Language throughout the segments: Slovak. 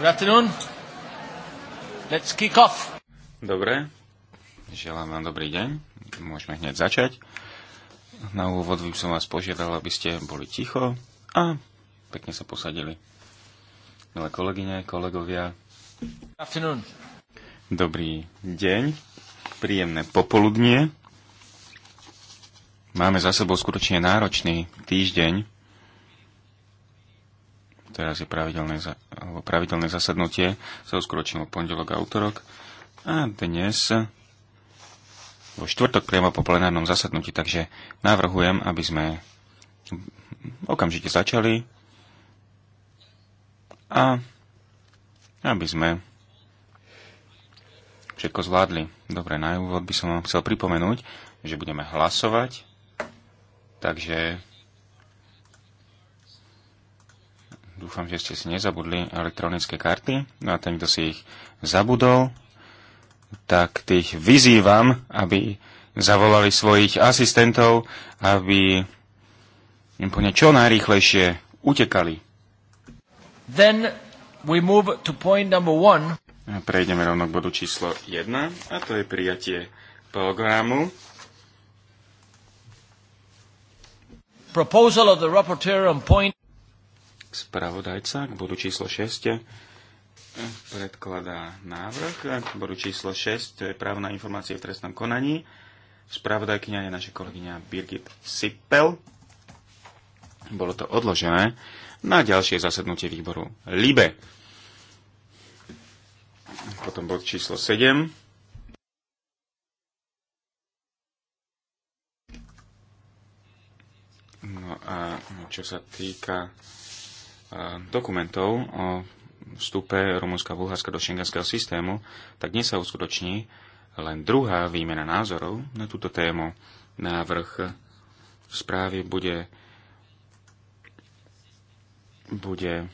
Let's kick off. Dobre, želám vám dobrý deň. Môžeme hneď začať. Na úvod by som vás požiadal, aby ste boli ticho a pekne sa posadili. Milé kolegyne, kolegovia. afternoon. Dobrý deň, príjemné popoludnie. Máme za sebou skutočne náročný týždeň Teraz je pravidelné, alebo pravidelné zasadnutie sa uskoročilo pondelok a útorok. A dnes vo štvrtok priamo po plenárnom zasadnutí, takže navrhujem, aby sme okamžite začali a aby sme všetko zvládli. Dobre, na úvod by som vám chcel pripomenúť, že budeme hlasovať, takže Dúfam, že ste si nezabudli elektronické karty. No a ten, kto si ich zabudol, tak tých vyzývam, aby zavolali svojich asistentov, aby im po čo najrýchlejšie utekali. Then we move to point number one. Prejdeme rovno k bodu číslo 1 a to je prijatie programu. Proposal of the rapporteur on point Spravodajca k bodu číslo 6 eh, predkladá návrh k bodu číslo 6, to je právna informácie v trestnom konaní. Spravodajkyňa je naša kolegyňa Birgit Sipel. Bolo to odložené na ďalšie zasadnutie výboru LIBE. Potom bod číslo 7. No a čo sa týka dokumentov o vstupe Rumunska a Bulharska do šengenského systému, tak dnes sa uskutoční len druhá výmena názorov na túto tému. Návrh správy bude, bude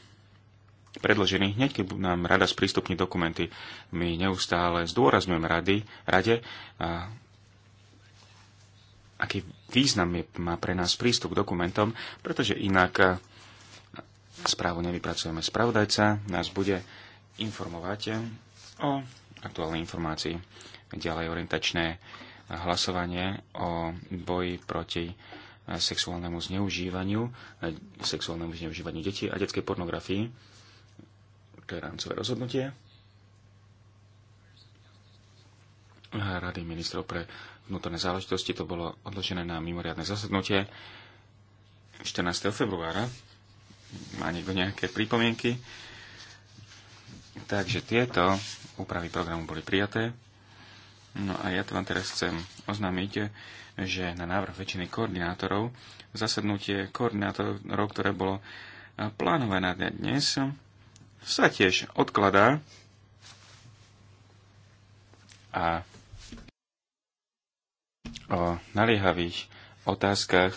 predložený hneď, keď nám rada sprístupní dokumenty. My neustále zdôrazňujeme rady, rade, a aký význam je, má pre nás prístup k dokumentom, pretože inak správu nevypracujeme. Spravodajca nás bude informovať o aktuálnej informácii. Ďalej orientačné hlasovanie o boji proti sexuálnemu zneužívaniu, sexuálnemu zneužívaniu detí a detskej pornografii. To je rámcové rozhodnutie. Rady ministrov pre vnútorné záležitosti to bolo odložené na mimoriadne zasadnutie 14. februára má niekto nejaké pripomienky? Takže tieto úpravy programu boli prijaté. No a ja to vám teraz chcem oznámiť, že na návrh väčšiny koordinátorov zasadnutie koordinátorov, ktoré bolo plánované dnes, sa tiež odkladá a o naliehavých otázkach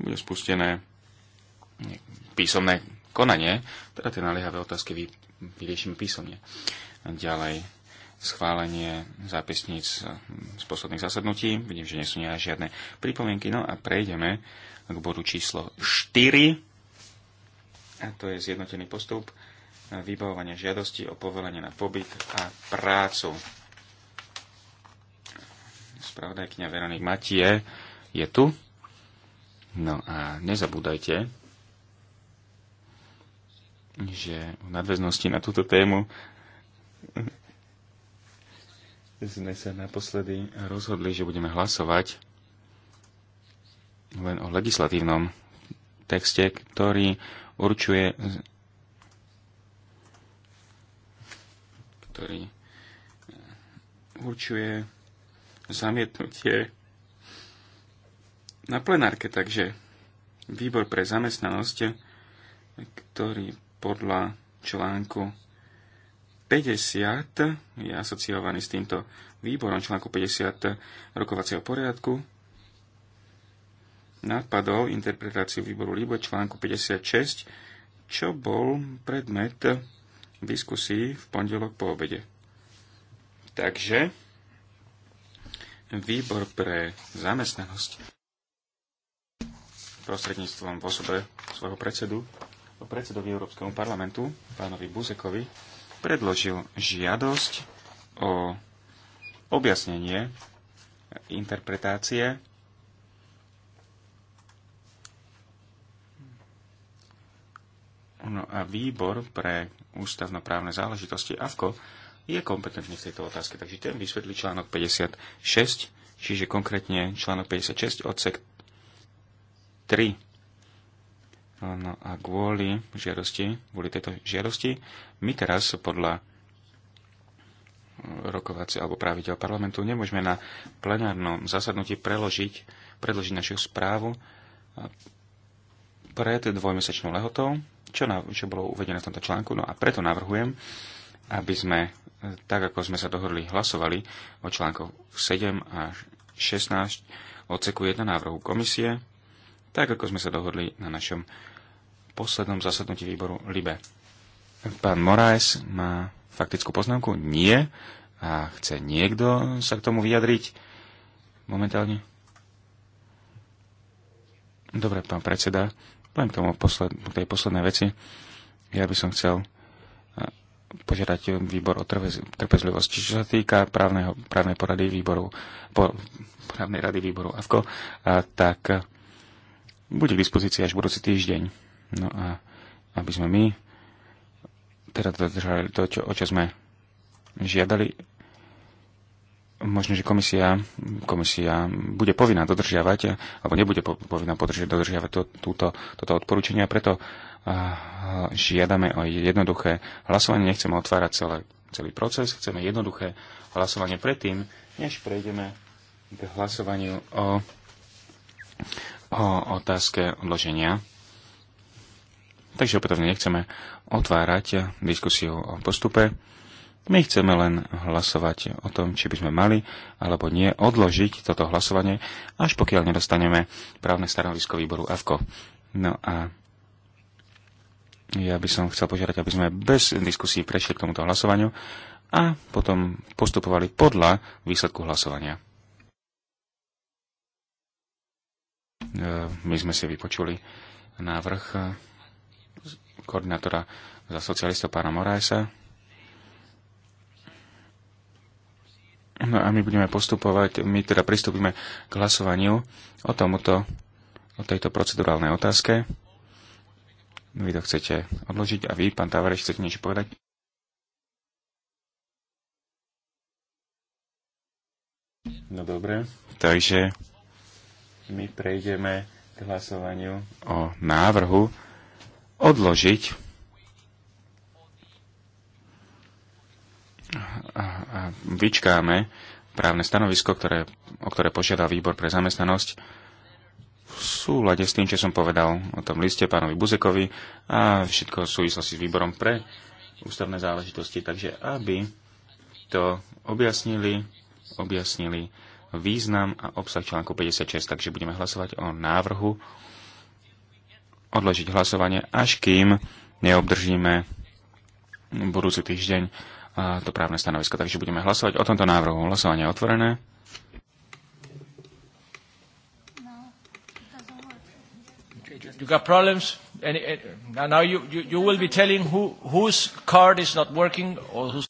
bude spustené písomné konanie, teda tie naliehavé otázky vy, vyriešime písomne. Ďalej schválenie zápisníc z posledných zasadnutí. Vidím, že nie sú žiadne pripomienky. No a prejdeme k bodu číslo 4. A to je zjednotený postup vybavovania žiadosti o povolenie na pobyt a prácu. Spravodajkňa Veronik Matie je tu. No a nezabúdajte, že v nadväznosti na túto tému sme sa naposledy rozhodli, že budeme hlasovať len o legislatívnom texte, ktorý určuje ktorý určuje zamietnutie na plenárke. Takže výbor pre zamestnanosť, ktorý podľa článku 50 je asociovaný s týmto výborom článku 50 rokovacieho poriadku, napadol interpretáciu výboru Libo článku 56, čo bol predmet diskusí v pondelok po obede. Takže výbor pre zamestnanosť prostredníctvom v osobe svojho predsedu, predsedovi Európskeho parlamentu, pánovi Buzekovi, predložil žiadosť o objasnenie interpretácie No a výbor pre ústavnoprávne záležitosti AFKO je kompetentný v tejto otázke, takže ten vysvetlí článok 56, čiže konkrétne článok 56 odsek 3. No a kvôli žiadosti, kvôli tejto žiadosti, my teraz podľa rokovacie alebo pravidel parlamentu nemôžeme na plenárnom zasadnutí preložiť, predložiť našu správu pred dvojmesačnou lehotou, čo, na, čo bolo uvedené v tomto článku. No a preto navrhujem, aby sme, tak ako sme sa dohodli, hlasovali o článkoch 7 až 16 odseku 1 návrhu komisie, tak ako sme sa dohodli na našom poslednom zasadnutí výboru LIBE. Pán Moraes má faktickú poznámku? Nie. A chce niekto sa k tomu vyjadriť momentálne? Dobre, pán predseda, poviem k, tomu posled, k tej poslednej veci. Ja by som chcel požiadať výbor o trpez, Čo sa týka právneho, právnej porady výboru, po, právnej rady výboru AFKO, a, tak bude k dispozícii až budúci týždeň. No a aby sme my teda dodržali to, čo, o čo sme žiadali, možno, že komisia, komisia bude povinná dodržiavať, alebo nebude povinná podržiať, dodržiavať to, túto, toto odporúčanie a preto žiadame o jednoduché hlasovanie. Nechceme otvárať celé, celý proces, chceme jednoduché hlasovanie predtým, než prejdeme k hlasovaniu o o otázke odloženia. Takže opätovne nechceme otvárať diskusiu o postupe. My chceme len hlasovať o tom, či by sme mali alebo nie odložiť toto hlasovanie, až pokiaľ nedostaneme právne stanovisko výboru AFKO. No a ja by som chcel požiadať, aby sme bez diskusí prešli k tomuto hlasovaniu a potom postupovali podľa výsledku hlasovania. E, my sme si vypočuli návrh koordinátora za socialistov pána morajsa. No a my budeme postupovať, my teda pristúpime k hlasovaniu o tomuto, o tejto procedurálnej otázke. Vy to chcete odložiť a vy, pán Tavareš, chcete niečo povedať? No dobre, takže my prejdeme k hlasovaniu o návrhu odložiť a, a vyčkáme právne stanovisko, ktoré, o ktoré požiadal výbor pre zamestnanosť v súlade s tým, čo som povedal o tom liste pánovi Buzekovi a všetko v súvislosti s výborom pre ústavné záležitosti. Takže aby to objasnili, objasnili význam a obsah článku 56, takže budeme hlasovať o návrhu odložiť hlasovanie, až kým neobdržíme budúci týždeň to právne stanovisko. Takže budeme hlasovať o tomto návrhu. Hlasovanie je otvorené. you got problems Any, any, eh, now you, you, you will be telling who whose card is not working or whose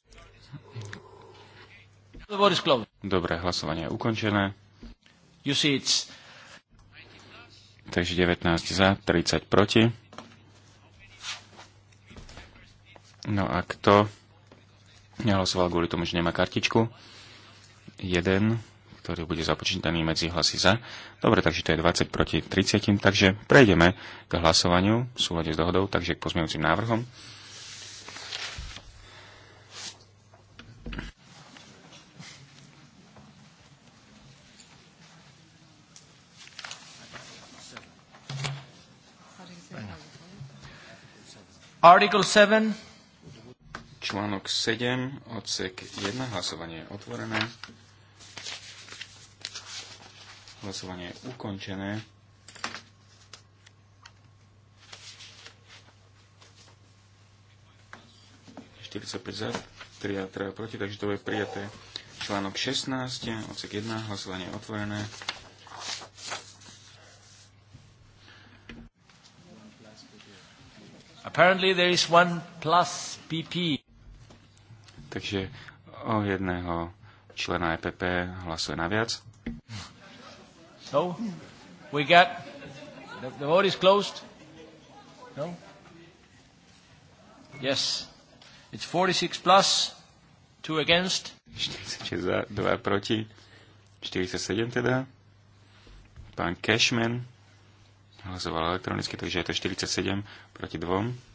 Dobre, hlasovanie je ukončené. You see it's... Takže 19 za, 30 proti. No a kto nehlasoval kvôli tomu, že nemá kartičku? Jeden, ktorý bude započítaný medzi hlasy za. Dobre, takže to je 20 proti 30. Takže prejdeme k hlasovaniu v súhľade s dohodou, takže k pozmeňujúcim návrhom. Article 7. Článok 7, odsek 1, hlasovanie je otvorené. Hlasovanie je ukončené. za, 3 a 3 proti, takže to je prijaté. Článok 16, odsek 1, hlasovanie je otvorené. Apparently there is one plus PP. Takže o jedného člena EPP hlasuje naviac. So, no? we got, the, the vote is closed. No? Yes. It's 46 plus, 2 against. 46 za, 2 proti. 47 teda. Pán Cashman hlasoval elektronicky, takže je to 47 proti 2.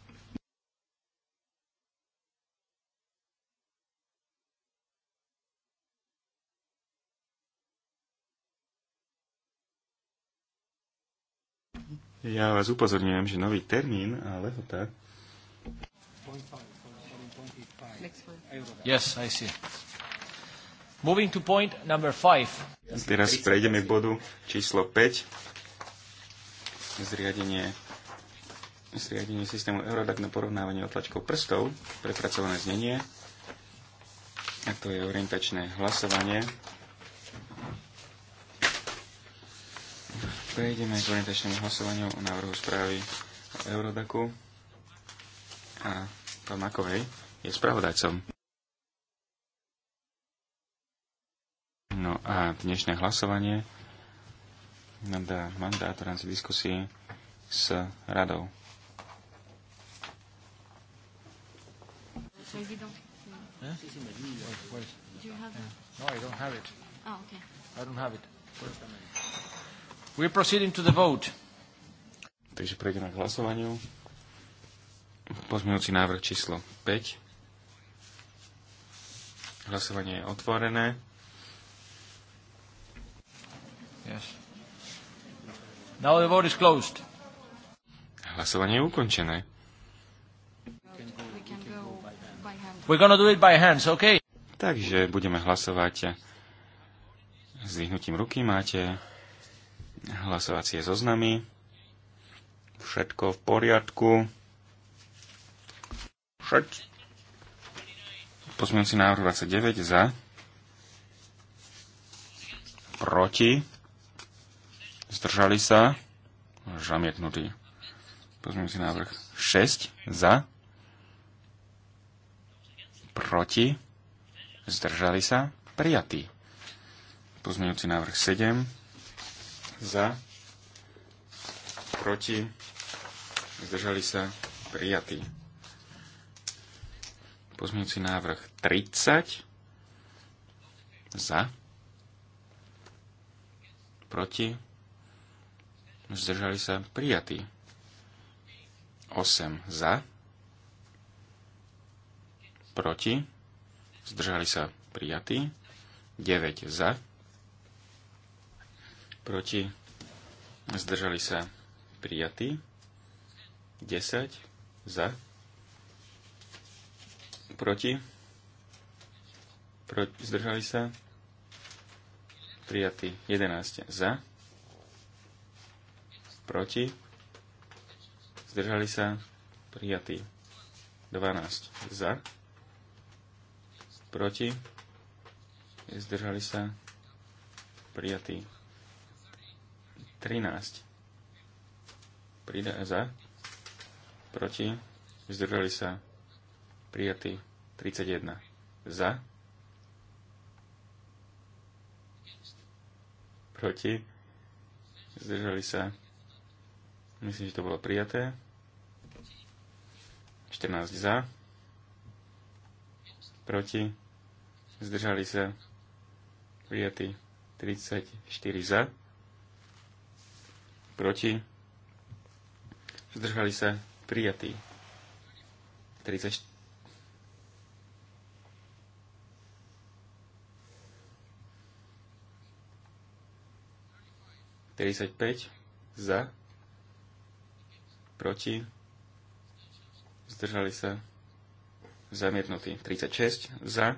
Ja vás upozorňujem, že nový termín a lehota... Yes, I see. Moving to point number five. Teraz prejdeme k bodu číslo 5 zriadenie, zriadenie systému Eurodac na porovnávanie otlačkov prstov, prepracované znenie, a to je orientačné hlasovanie. Prejdeme k orientačnému hlasovaniu o návrhu správy o Eurodacu. a pán Makovej je spravodajcom. No a dnešné hlasovanie dá mandát v rámci diskusie s radou. No, oh, Takže prejdeme k hlasovaniu. Pozmeňujúci návrh číslo 5. Hlasovanie je otvorené. Yes. Now the vote is closed. Hlasovanie je ukončené. We're gonna do it by hands, okay? Takže budeme hlasovať s vyhnutím ruky. Máte hlasovacie zoznamy. Všetko v poriadku. Všet... si návrh 29 za. Proti zdržali sa, zamietnutý. si návrh 6 za, proti, zdržali sa, prijatý. Pozmeňujúci návrh 7 za, proti, zdržali sa, prijatý. Pozmeňujúci návrh 30 za, proti, zdržali sa prijatí. 8 za, proti, zdržali sa prijatí. 9 za, proti, zdržali sa prijatí. 10 za, proti, proti zdržali sa prijatí. 11 za, proti, zdržali sa, prijatí. 12 za, proti, zdržali sa, prijatí. 13 prida za, proti, zdržali sa, prijatí. 31 za, proti, zdržali sa, prijatí Myslím, že to bolo prijaté. 14 za. Proti. Zdržali sa. Prijatý. 34 za. Proti. Zdržali sa. Prijatý. 34. Tridsaťpäť za proti, zdržali sa zamietnutí 36 za,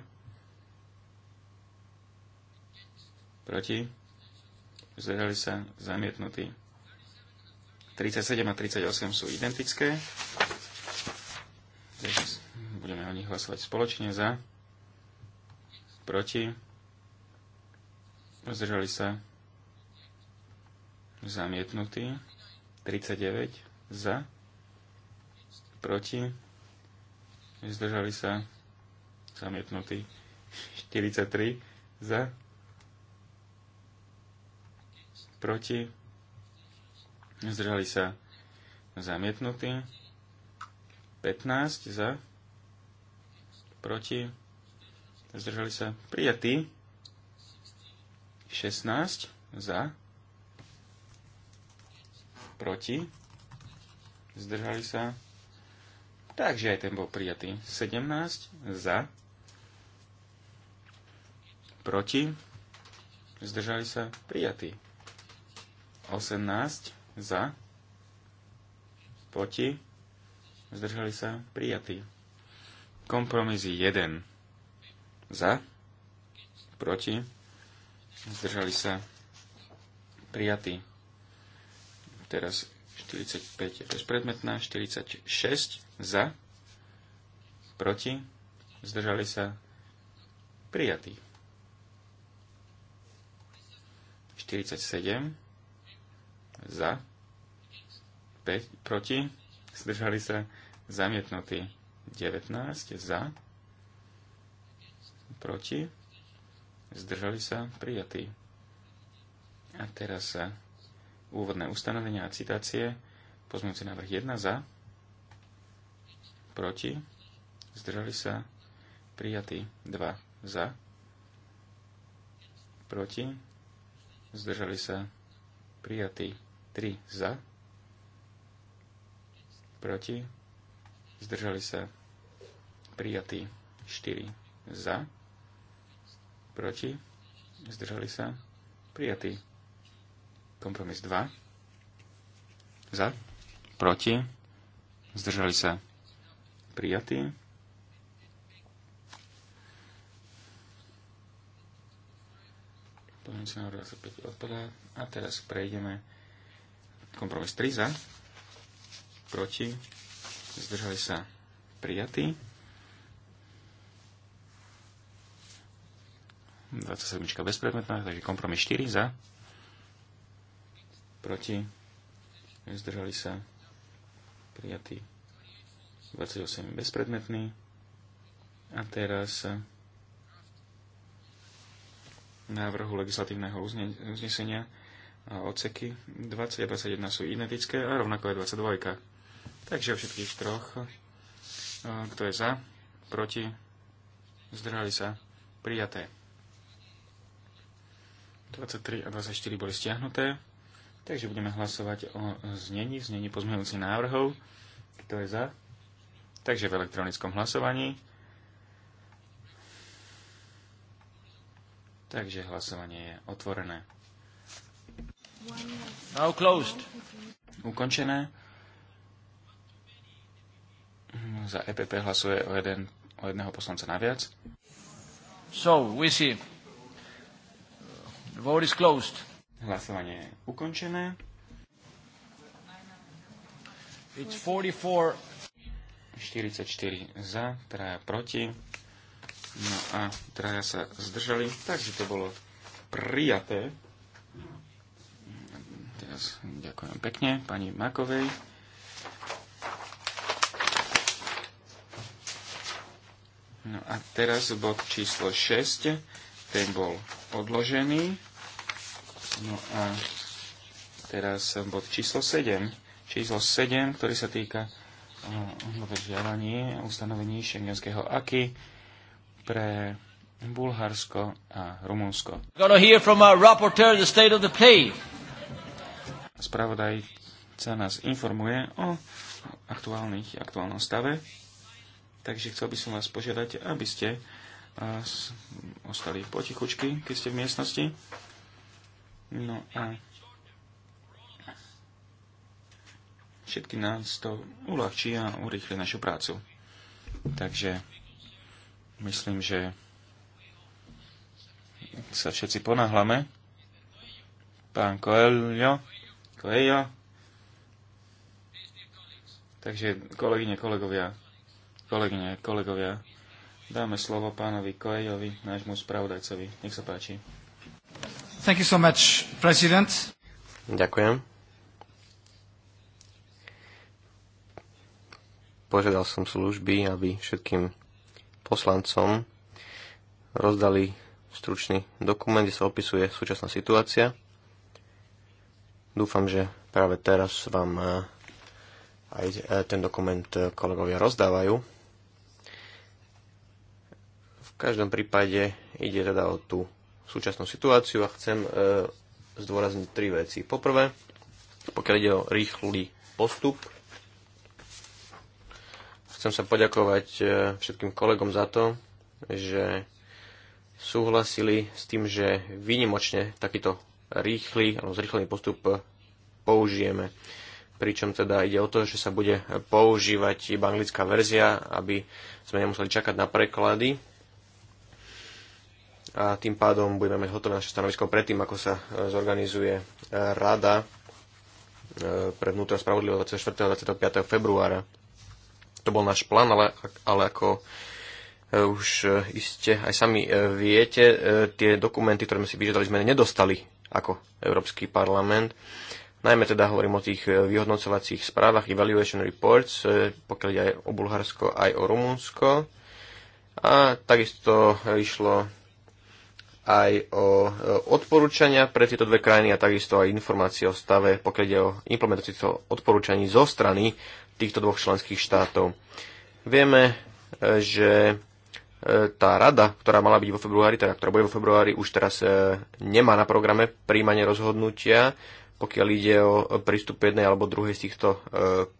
proti, zdržali sa zamietnutí 37 a 38 sú identické. budeme o nich hlasovať spoločne za, proti, zdržali sa zamietnutí 39 za, proti, zdržali sa, zamietnutí 43 za, proti, zdržali sa, zamietnutí 15 za, proti, zdržali sa, prijatí 16 za, proti, zdržali sa. Takže aj ten bol prijatý. 17 za, proti, zdržali sa, prijatý. 18 za, proti, zdržali sa, prijatý. Kompromis 1 za, proti, zdržali sa, prijatý. Teraz 45 je bezpredmetná, 46 za, proti, zdržali sa, prijatý. 47 za, 5 proti, zdržali sa, zamietnutý. 19 za, proti, zdržali sa, prijatý. A teraz sa úvodné ustanovenia a citácie, pozmeňujúci návrh 1 za, proti, zdržali sa, prijatý 2 za, proti, zdržali sa, prijatý 3 za, proti, zdržali sa, prijatý 4 za, proti, zdržali sa, prijatý Kompromis 2. Za. Proti. Zdržali sa. Prijatí. odpadá. A teraz prejdeme kompromis 3 za. Proti. Zdržali sa. Prijatí. 27 bezpredmetná, takže kompromis 4 za, proti, zdržali sa, prijatý 28 bezpredmetný. A teraz návrhu legislatívneho uznesenia a odseky 20 a 21 sú identické a rovnako je 22. Takže o všetkých troch, kto je za, proti, zdržali sa, prijaté. 23 a 24 boli stiahnuté. Takže budeme hlasovať o znení, znení pozmeňujúcich návrhov. Kto je za? Takže v elektronickom hlasovaní. Takže hlasovanie je otvorené. Now closed. Ukončené. Za EPP hlasuje o, jeden, o jedného poslanca naviac. So, we see. The vote is closed. Hlasovanie je ukončené. It's 44. 44 za, traja proti. No a traja sa zdržali, takže to bolo prijaté. Teraz ďakujem pekne pani Makovej. No a teraz bod číslo 6, ten bol odložený. No a teraz bod číslo 7. Číslo 7, ktorý sa týka dodržiavanie eh, ustanovení šengenského aky pre Bulharsko a Rumunsko. Spravodajca nás informuje o aktuálnych, aktuálnom stave, takže chcel by som vás požiadať, aby ste eh, ostali potichučky, keď ste v miestnosti. No a všetky nás to uľahčí a urýchli našu prácu. Takže myslím, že sa všetci ponáhlame. Pán Coelho, Coelho. Takže kolegyne, kolegovia, kolegyne, kolegovia, dáme slovo pánovi Koejovi, nášmu spravodajcovi. Nech sa páči. Thank you so much, President. Ďakujem. Požiadal som služby, aby všetkým poslancom rozdali stručný dokument, kde sa opisuje súčasná situácia. Dúfam, že práve teraz vám eh, aj eh, ten dokument eh, kolegovia rozdávajú. V každom prípade ide teda o tú súčasnú situáciu a chcem e, zdôrazniť tri veci. Poprvé, pokiaľ ide o rýchly postup, chcem sa poďakovať e, všetkým kolegom za to, že súhlasili s tým, že výnimočne takýto rýchly alebo zrýchlený postup použijeme. Pričom teda ide o to, že sa bude používať iba anglická verzia, aby sme nemuseli čakať na preklady a tým pádom budeme mať hotové naše stanovisko predtým, ako sa e, zorganizuje e, rada e, pre vnútra spravodlivého 24. a 25. februára. To bol náš plán, ale, ale ako už iste aj sami viete, tie dokumenty, ktoré sme si vyžiadali, sme nedostali ako Európsky parlament. Najmä teda hovorím o tých vyhodnocovacích správach, evaluation reports, pokiaľ ide aj o Bulharsko, aj o Rumunsko. A takisto išlo aj o e, odporúčania pre tieto dve krajiny a takisto aj informácie o stave, pokiaľ ide o implementáciu týchto odporúčaní zo strany týchto dvoch členských štátov. Vieme, e, že e, tá rada, ktorá mala byť vo februári, teda ktorá bude vo februári, už teraz nemá na programe príjmanie rozhodnutia, pokiaľ ide o prístup jednej alebo druhej z týchto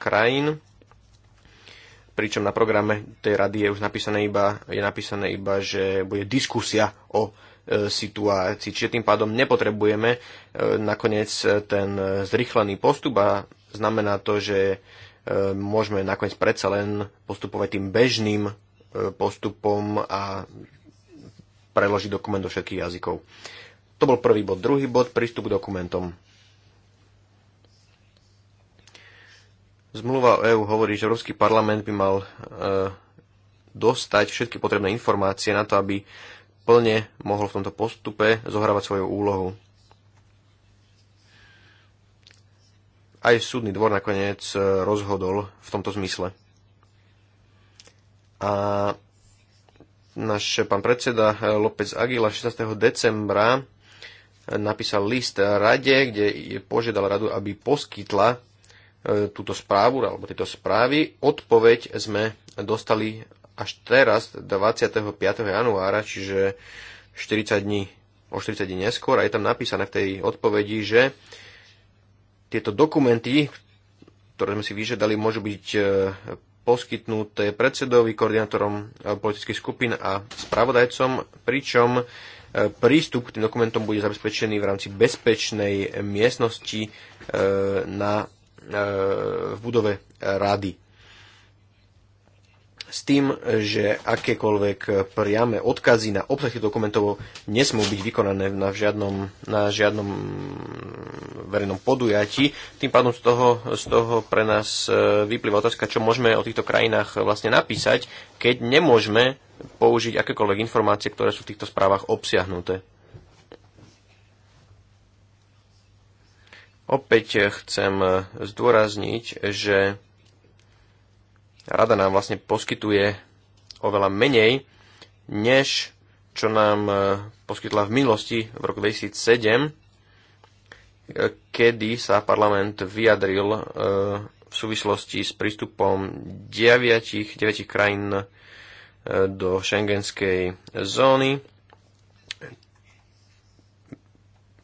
krajín pričom na programe tej rady je už napísané iba, je napísané iba, že bude diskusia o situácií. Čiže tým pádom nepotrebujeme e, nakoniec e, ten e, zrychlený postup a znamená to, že môžeme nakoniec predsa len postupovať tým bežným postupom a preložiť dokument do všetkých jazykov. To bol prvý bod. Druhý bod, prístup k dokumentom. Zmluva o EÚ hovorí, že Európsky parlament by mal dostať všetky potrebné informácie na to, aby plne mohol v tomto postupe zohrávať svoju úlohu. Aj súdny dvor nakoniec e, rozhodol v tomto zmysle. A náš pán predseda e, López Aguila 16. decembra e, napísal list rade, kde požiadal radu, aby poskytla túto správu alebo tieto správy. Odpoveď sme dostali až teraz, 25. januára, čiže 40 dní, o 40 dní neskôr, a je tam napísané v tej odpovedi, že tieto dokumenty, ktoré sme si vyžiadali, môžu byť e, poskytnuté predsedovi, koordinátorom e, politických skupín a spravodajcom, pričom e, prístup k tým dokumentom bude zabezpečený v rámci bezpečnej miestnosti na, v budove rady s tým, že akékoľvek priame odkazy na obsah tých dokumentov nesmú byť vykonané na žiadnom, na žiadnom verejnom podujatí. Tým pádom z toho, z toho pre nás e, vyplýva otázka, čo môžeme o týchto krajinách vlastne napísať, keď nemôžeme použiť akékoľvek informácie, ktoré sú v týchto správach obsiahnuté. Opäť chcem zdôrazniť, že rada nám vlastne poskytuje oveľa menej, než čo nám e, poskytla v minulosti v roku 2007, e, kedy sa parlament vyjadril e, v súvislosti s prístupom 9, 9 krajín do šengenskej zóny,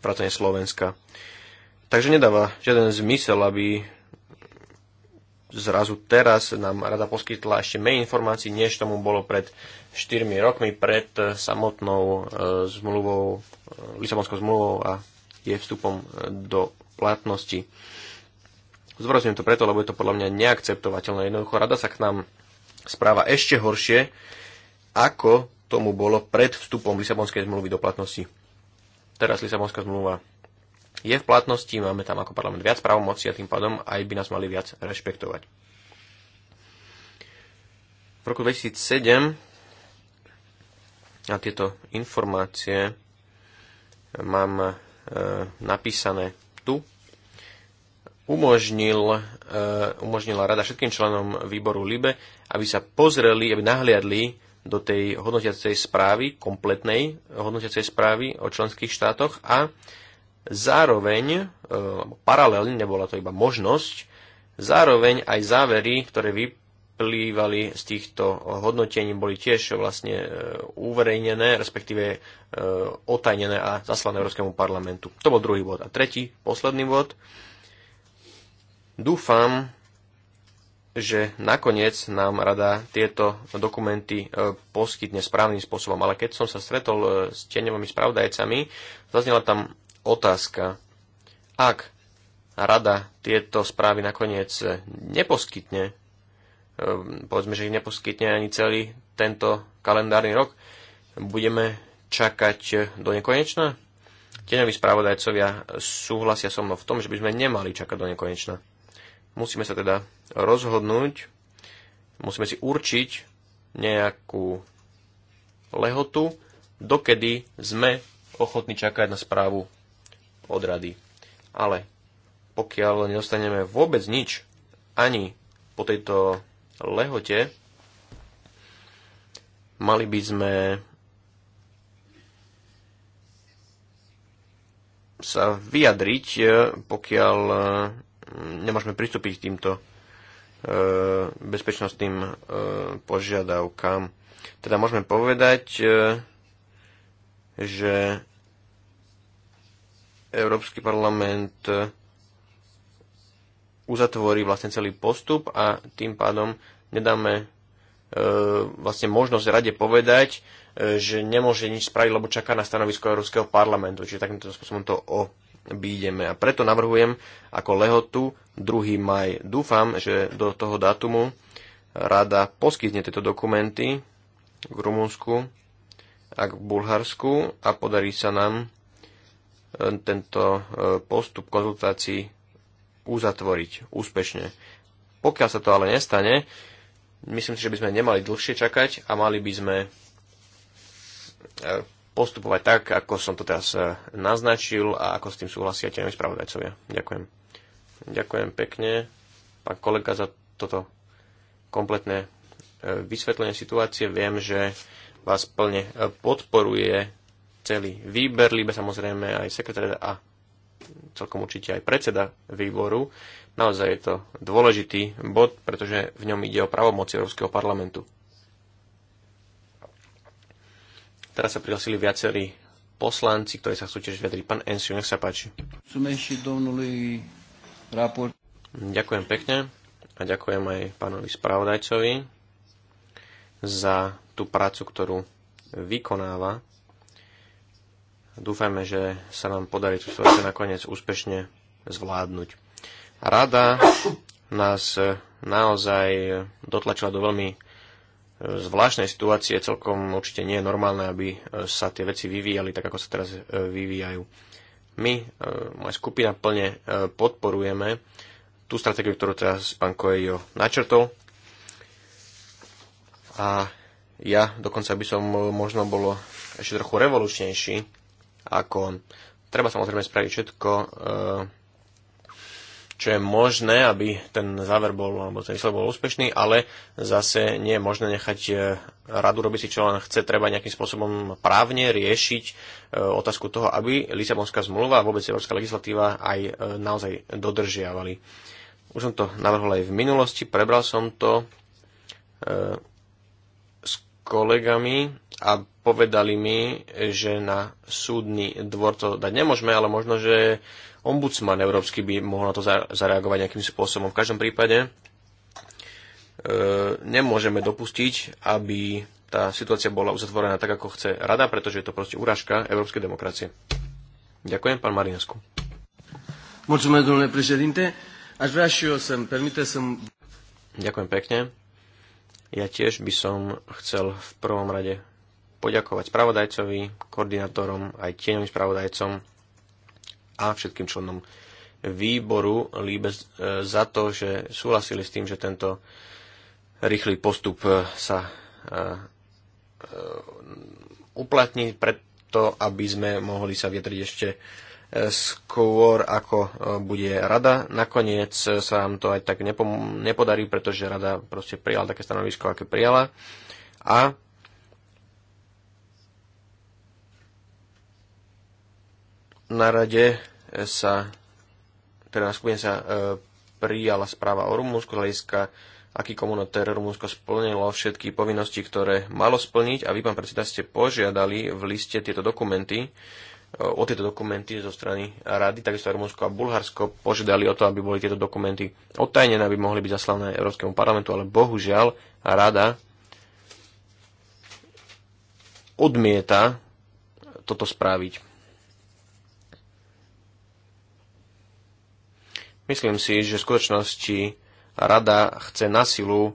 vrátane Slovenska. Takže nedáva žiaden zmysel, aby zrazu teraz nám rada poskytla ešte menej informácií, než tomu bolo pred 4 rokmi, pred eh, samotnou eh, zmluvou, eh, Lisabonskou zmluvou a je vstupom do platnosti. Zdôrazňujem to preto, lebo je to podľa mňa neakceptovateľné. Jednoducho rada sa k nám správa ešte horšie, ako tomu bolo pred vstupom Lisabonskej zmluvy do platnosti. Teraz Lisabonská zmluva je v platnosti, máme tam ako parlament viac právomocí a tým pádom aj by nás mali viac rešpektovať. V roku 2007 na tieto informácie mám e, napísané tu, umožnil, e, umožnila rada všetkým členom výboru LIBE, aby sa pozreli, aby nahliadli do tej hodnotiacej správy, kompletnej hodnotiacej správy o členských štátoch a Zároveň, e, paralelne, nebola to iba možnosť, zároveň aj závery, ktoré vyplývali z týchto hodnotení, boli tiež vlastne e, uverejnené, respektíve e, otajnené a zaslané Európskemu parlamentu. To bol druhý bod. A tretí, posledný bod. Dúfam, že nakoniec nám rada tieto dokumenty poskytne správnym spôsobom. Ale keď som sa stretol s tieňovými spravodajcami, zaznela tam otázka. Ak rada tieto správy nakoniec neposkytne, e, povedzme, že ich neposkytne ani celý tento kalendárny rok, budeme čakať do nekonečna? Tieňoví správodajcovia súhlasia so mnou v tom, že by sme nemali čakať do nekonečna. Musíme sa teda rozhodnúť, musíme si určiť nejakú lehotu, dokedy sme ochotní čakať na správu od rady. Ale pokiaľ nedostaneme vôbec nič ani po tejto lehote, mali by sme sa vyjadriť, e, pokiaľ e, nemôžeme pristúpiť k týmto e, bezpečnostným požiadavkám. Teda môžeme povedať, že Európsky parlament e, uzatvorí vlastne celý postup a tým pádom nedáme e, vlastne možnosť rade povedať, e, že nemôže nič spraviť, lebo čaká na stanovisko Európskeho parlamentu. Čiže takýmto spôsobom to obídeme. A preto navrhujem ako lehotu 2. maj. Dúfam, že do toho dátumu rada poskytne tieto dokumenty k Rumunsku a k Bulharsku a podarí sa nám tento e, postup konzultácií uzatvoriť úspešne. Pokiaľ sa to ale nestane, myslím si, že by sme nemali dlhšie čakať a mali by sme e, postupovať tak, ako som to teraz e, naznačil a ako s tým súhlasia aj spravodajcovia. Ďakujem. Ďakujem pekne, pán kolega, za toto kompletné vysvetlenie situácie. Viem, že vás plne podporuje celý výber, líbe samozrejme aj sekretár a celkom určite aj predseda výboru. Naozaj je to dôležitý bod, pretože v ňom ide o pravomoci Európskeho parlamentu. Teraz sa prihlasili viacerí poslanci, ktorí sa chcú tiež vedriť. Pán Ensiu, nech sa páči. Ďakujem pekne a ďakujem aj pánovi spravodajcovi za tú prácu, ktorú vykonáva Dúfajme, že sa nám podarí tú situáciu nakoniec úspešne zvládnuť. Rada nás naozaj dotlačila do veľmi e, zvláštnej situácie. Celkom určite nie je normálne, aby e, sa tie veci vyvíjali tak, ako sa teraz e, vyvíjajú. My, moja skupina, plne podporujeme tú stratégiu, ktorú teraz pán Koejo načrtol. A ja dokonca by som možno bolo ešte trochu revolučnejší ako treba samozrejme spraviť všetko, e, čo je možné, aby ten záver bol, alebo ten výsledok bol úspešný, ale zase nie je možné nechať e, radu robiť si, čo len chce, treba nejakým spôsobom právne riešiť e, otázku toho, aby Lisabonská zmluva a vôbec európska legislatíva aj naozaj dodržiavali. Už som to navrhol aj v minulosti, prebral som to s kolegami a povedali mi, že na súdny dvor to dať nemôžeme, ale možno, že ombudsman európsky by mohol na to zareagovať nejakým spôsobom. V každom prípade e, nemôžeme dopustiť, aby tá situácia bola uzatvorená tak, ako chce rada, pretože je to proste úražka európskej demokracie. Ďakujem, pán Marinescu. permite Ďakujem pekne. Ja tiež by som chcel v prvom rade poďakovať spravodajcovi, koordinátorom, aj tieňovým spravodajcom a všetkým členom výboru Líbe eh, za to, že súhlasili s tým, že tento rýchly postup eh, sa eh, uplatní preto, aby sme mohli sa vietriť ešte skôr, ako bude rada. Nakoniec sa nám to aj tak nepodarí, pretože rada proste prijala také stanovisko, aké prijala. A Na rade sa, teda na skupine sa e, prijala správa o z hľadiska aký komunotér Rumunsko splnilo všetky povinnosti, ktoré malo splniť a vy, pán predseda, ste požiadali v liste tieto dokumenty, e, o tieto dokumenty zo strany Rady, takisto Rumunsko a Bulharsko požiadali o to, aby boli tieto dokumenty odtajnené, aby mohli byť zaslané Európskemu parlamentu, ale bohužiaľ Rada odmieta toto spraviť. Myslím si, že v skutočnosti rada chce na silu e,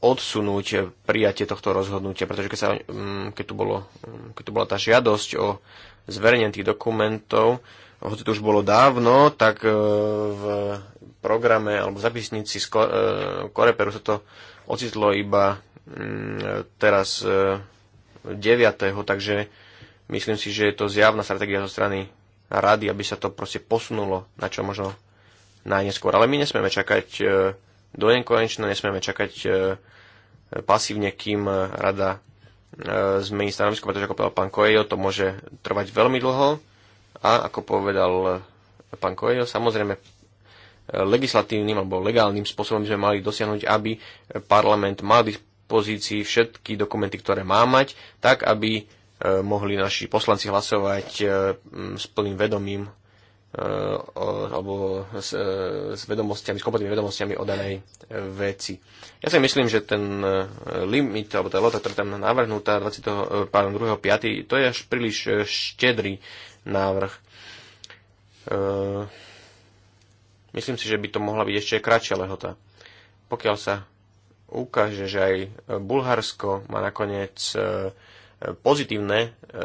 odsunúť prijatie tohto rozhodnutia, pretože keď, sa, mm, keď, tu, bolo, mm, keď tu bola tá žiadosť o zverejnenie tých dokumentov, hoci to už bolo dávno, tak e, v programe alebo v zapisnici z e, Koreperu sa to ocitlo iba mm, teraz 9. Takže myslím si, že je to zjavná stratégia zo strany rady, aby sa to proste posunulo na čo možno najneskôr. Ale my nesmieme čakať e, do nekonečna, nesmieme čakať e, pasívne, kým rada e, zmení stanovisko, pretože ako povedal pán Koejo, to môže trvať veľmi dlho a ako povedal pán Kojo, samozrejme legislatívnym alebo legálnym spôsobom by sme mali dosiahnuť, aby parlament mal dispozícii všetky dokumenty, ktoré má mať, tak aby Eh, mohli naši poslanci hlasovať eh, s plným vedomím eh, alebo s, s vedomostiami, s kompletnými vedomostiami o danej veci. Ja si myslím, že ten limit, alebo tá lota, ktorá tam navrhnutá 22.5. to je až príliš štedrý návrh. Myslím si, že by to mohla byť ešte kratšia lehota. Pokiaľ sa ukáže, že aj Bulharsko má nakoniec pozitívne, e,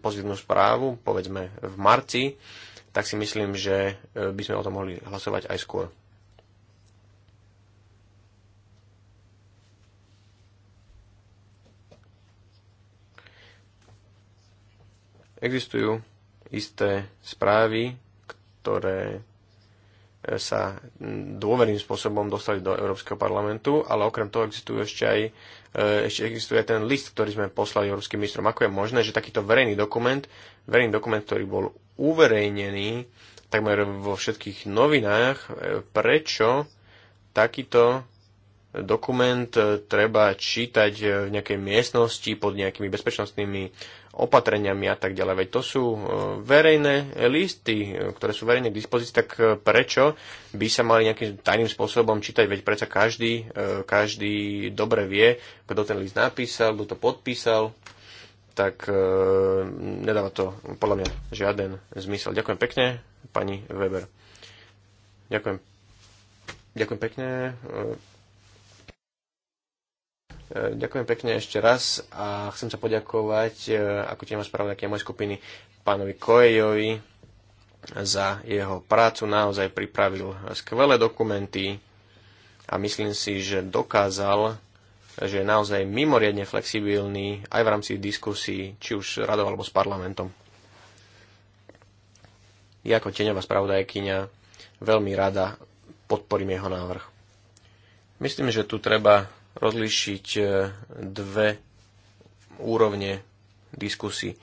pozitívnu správu, povedzme v marci, tak si myslím, že e, by sme o tom mohli hlasovať aj skôr. Existujú isté správy, ktoré e, sa dôverným spôsobom dostali do Európskeho parlamentu, ale okrem toho existujú ešte aj Eh, ešte existuje ten list, ktorý sme poslali európskym ministrom. Ako je možné, že takýto verejný dokument, verejný dokument, ktorý bol uverejnený takmer vo všetkých novinách, eh, prečo takýto dokument eh, treba čítať v nejakej miestnosti pod nejakými bezpečnostnými opatreniami a tak ďalej. Veď to sú e, verejné listy, e, ktoré sú verejne k dispozícii, tak e, prečo by sa mali nejakým tajným spôsobom čítať? Veď predsa každý, každý dobre vie, kto ten list napísal, kto to podpísal, tak nedáva to podľa mňa žiaden zmysel. Ďakujem pekne, pani Weber. Ďakujem. Ďakujem pekne. E, ďakujem pekne ešte raz a chcem sa poďakovať e, ako téma spravodajky moje skupiny pánovi Koejovi za jeho prácu. Naozaj pripravil skvelé dokumenty a myslím si, že dokázal, že je naozaj mimoriadne flexibilný aj v rámci diskusí, či už s radou alebo s parlamentom. Ja ako tieňová spravodajkyňa veľmi rada podporím jeho návrh. Myslím, že tu treba rozlíšiť e, dve úrovne diskusí.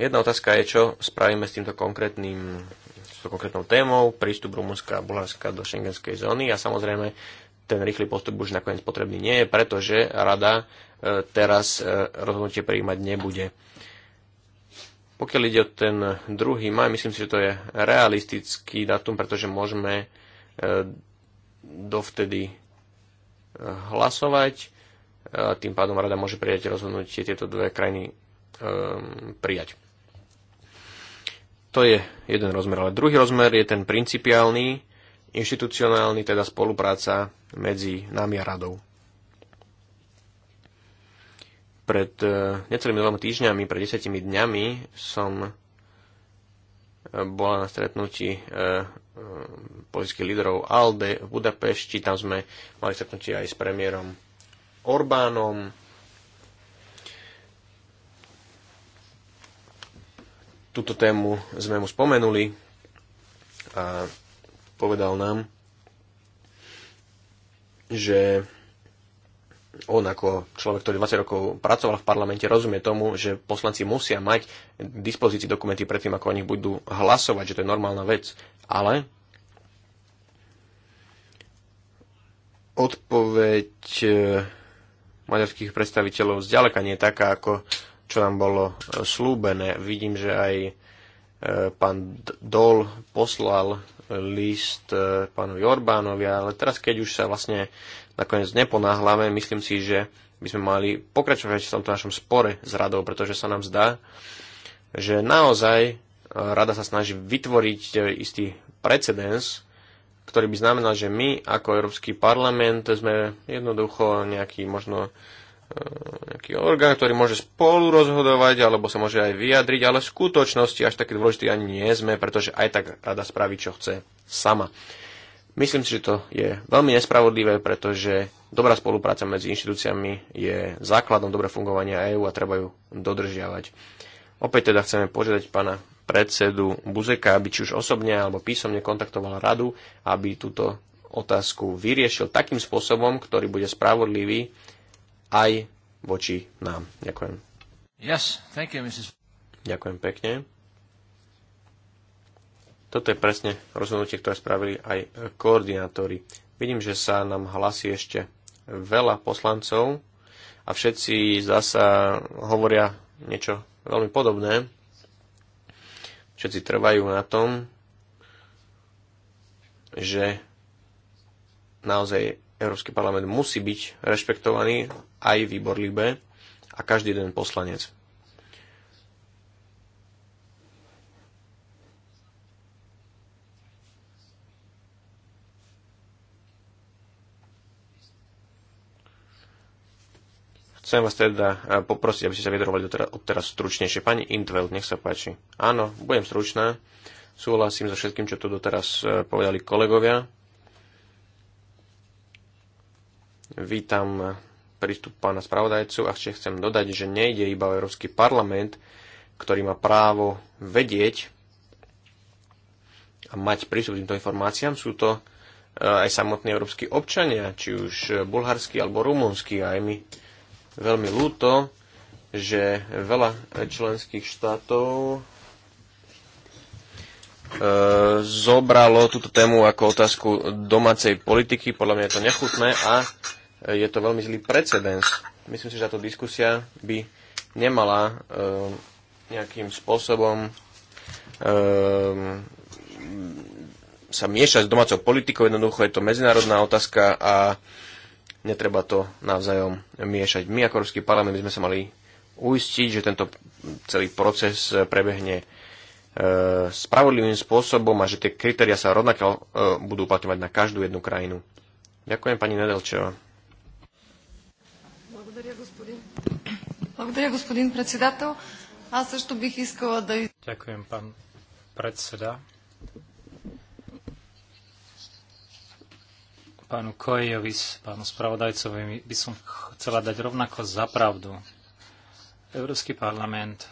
Jedna otázka je, čo spravíme s týmto konkrétnym s konkrétnou témou, prístup Rumunska a Bulharska do šengenskej zóny a samozrejme ten rýchly postup už nakoniec potrebný nie je, pretože rada e, teraz e, rozhodnutie prijímať nebude. Pokiaľ ide o ten druhý maj, myslím si, že to je realistický datum, pretože môžeme dovtedy hlasovať. E, tým pádom rada môže prijať rozhodnutie tieto dve krajiny e, prijať. To je jeden rozmer, ale druhý rozmer je ten principiálny, inštitucionálny, teda spolupráca medzi nami a radou. Pred e, necelými dvoma týždňami, pred desiatimi dňami som bola na stretnutí Eh, politických líderov ALDE v Budapešti. Tam sme mali stretnutie aj s premiérom Orbánom. Tuto tému sme mu spomenuli a povedal nám, že on ako človek, ktorý 20 rokov pracoval v parlamente, rozumie tomu, že poslanci musia mať dispozícii dokumenty predtým, ako o nich budú hlasovať, že to je normálna vec. Ale odpoveď e, maďarských predstaviteľov zďaleka nie je taká, ako čo nám bolo e, slúbené. Vidím, že aj e, pán Dol poslal list pánu Jorbánovi, ale teraz keď už sa vlastne nakoniec neponáhlame. Myslím si, že by sme mali pokračovať v tomto našom spore s radou, pretože sa nám zdá, že naozaj e, rada sa snaží vytvoriť e, istý precedens, ktorý by znamenal, že my ako Európsky parlament sme jednoducho nejaký možno e, nejaký orgán, ktorý môže spolu rozhodovať, alebo sa môže aj vyjadriť, ale v skutočnosti až taký dôležitý ani nie sme, pretože aj tak rada spraví, čo chce sama. Myslím si, že to je veľmi nespravodlivé, pretože dobrá spolupráca medzi inštitúciami je základom dobre fungovania EÚ a treba ju dodržiavať. Opäť teda chceme požiadať pána predsedu Buzeka, aby či už osobne alebo písomne kontaktoval radu, aby túto otázku vyriešil takým spôsobom, ktorý bude spravodlivý aj voči nám. Ďakujem. Yes, thank you, Mrs. Ďakujem pekne. Toto je presne rozhodnutie, ktoré spravili aj koordinátori. Vidím, že sa nám hlasí ešte veľa poslancov a všetci zasa hovoria niečo veľmi podobné. Všetci trvajú na tom, že naozaj Európsky parlament musí byť rešpektovaný aj výbor Libe a každý jeden poslanec. Chcem vás teda eh, poprosiť, aby ste sa vyjadrovali odteraz stručnejšie. Pani Intveld, nech sa páči. Áno, budem stručná. Súhlasím so všetkým, čo tu doteraz eh, povedali kolegovia. Vítam eh, prístup pána spravodajcu a ešte chcem dodať, že nejde iba o Európsky parlament, ktorý má právo vedieť a mať prístup k týmto informáciám. Sú to aj samotní európsky občania, či už bulharskí alebo rumúnsky, aj my veľmi ľúto, že veľa členských štátov e, zobralo túto tému ako otázku domácej politiky. Podľa mňa je to nechutné a je to veľmi zlý precedens. Myslím si, že táto diskusia by nemala e, nejakým spôsobom e, sa miešať s domácou politikou. Jednoducho je to medzinárodná otázka a netreba to navzájom miešať. My ako Európsky parlament by sme sa mali uistiť, že tento celý proces prebehne e, spravodlivým spôsobom a že tie kritéria sa rovnako e, budú uplatňovať na každú jednu krajinu. Ďakujem pani Nedelčeva. Благодаря, господин председател. Аз също бих искала да... Ďakujem, pán predseda. pánu Kojejovi, pánu spravodajcovi, by som chcela dať rovnako za pravdu. Európsky parlament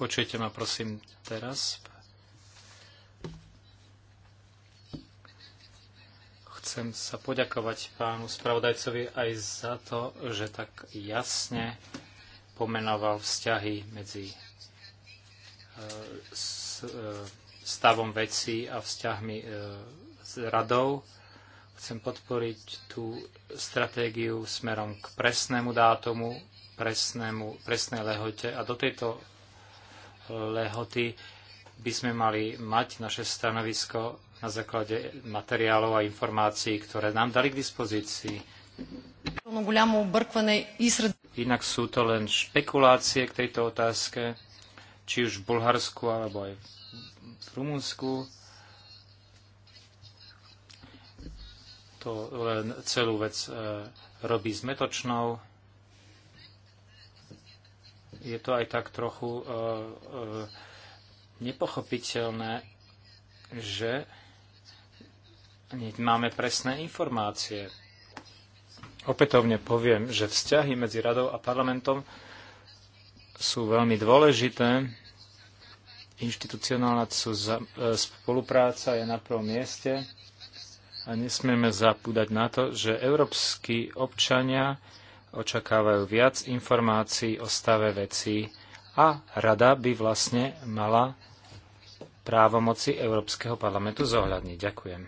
Počujete ma prosím teraz. Chcem sa poďakovať pánu spravodajcovi aj za to, že tak jasne pomenoval vzťahy medzi e, E, stavom vecí a vzťahmi e, s radou. Chcem podporiť tú stratégiu smerom k presnému dátomu, presnému, presnej lehote a do tejto e, lehoty by sme mali mať naše stanovisko na základe materiálov a informácií, ktoré nám dali k dispozícii. Inak sú to len špekulácie k tejto otázke či už v Bulharsku alebo aj v Rumunsku. To len celú vec e, robí zmetočnou. Je to aj tak trochu e, e, nepochopiteľné, že máme presné informácie. Opätovne poviem, že vzťahy medzi radou a parlamentom sú veľmi dôležité inštitucionálna e, spolupráca je na prvom mieste a nesmieme zapúdať na to, že európsky občania očakávajú viac informácií o stave vecí a rada by vlastne mala právomoci Európskeho parlamentu zohľadniť. Ďakujem.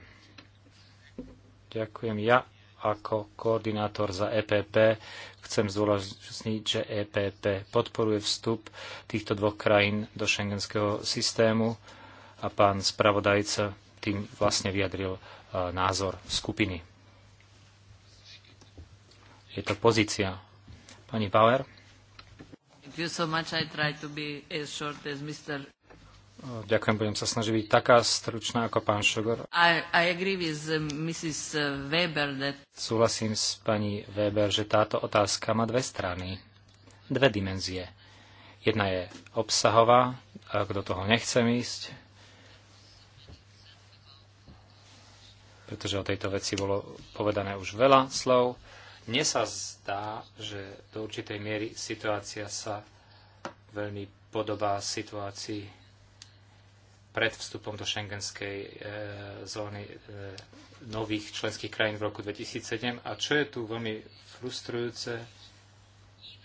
Ďakujem ja ako koordinátor za EPP chcem zdôrazniť, že EPP podporuje vstup týchto dvoch krajín do šengenského systému a pán spravodajca tým vlastne vyjadril e, názor skupiny. Je to pozícia. Pani Bauer. Thank you so much. I try to be as short as Mr. Ďakujem, budem sa snažiť byť taká stručná ako pán Šogor. I, I uh, uh, Weber, that... Súhlasím s pani Weber, že táto otázka má dve strany, dve dimenzie. Jedna je obsahová, a kto toho nechce ísť, pretože o tejto veci bolo povedané už veľa slov. Mne sa zdá, že do určitej miery situácia sa veľmi podobá situácii pred vstupom do šengenskej e, zóny e, nových členských krajín v roku 2007. A čo je tu veľmi frustrujúce,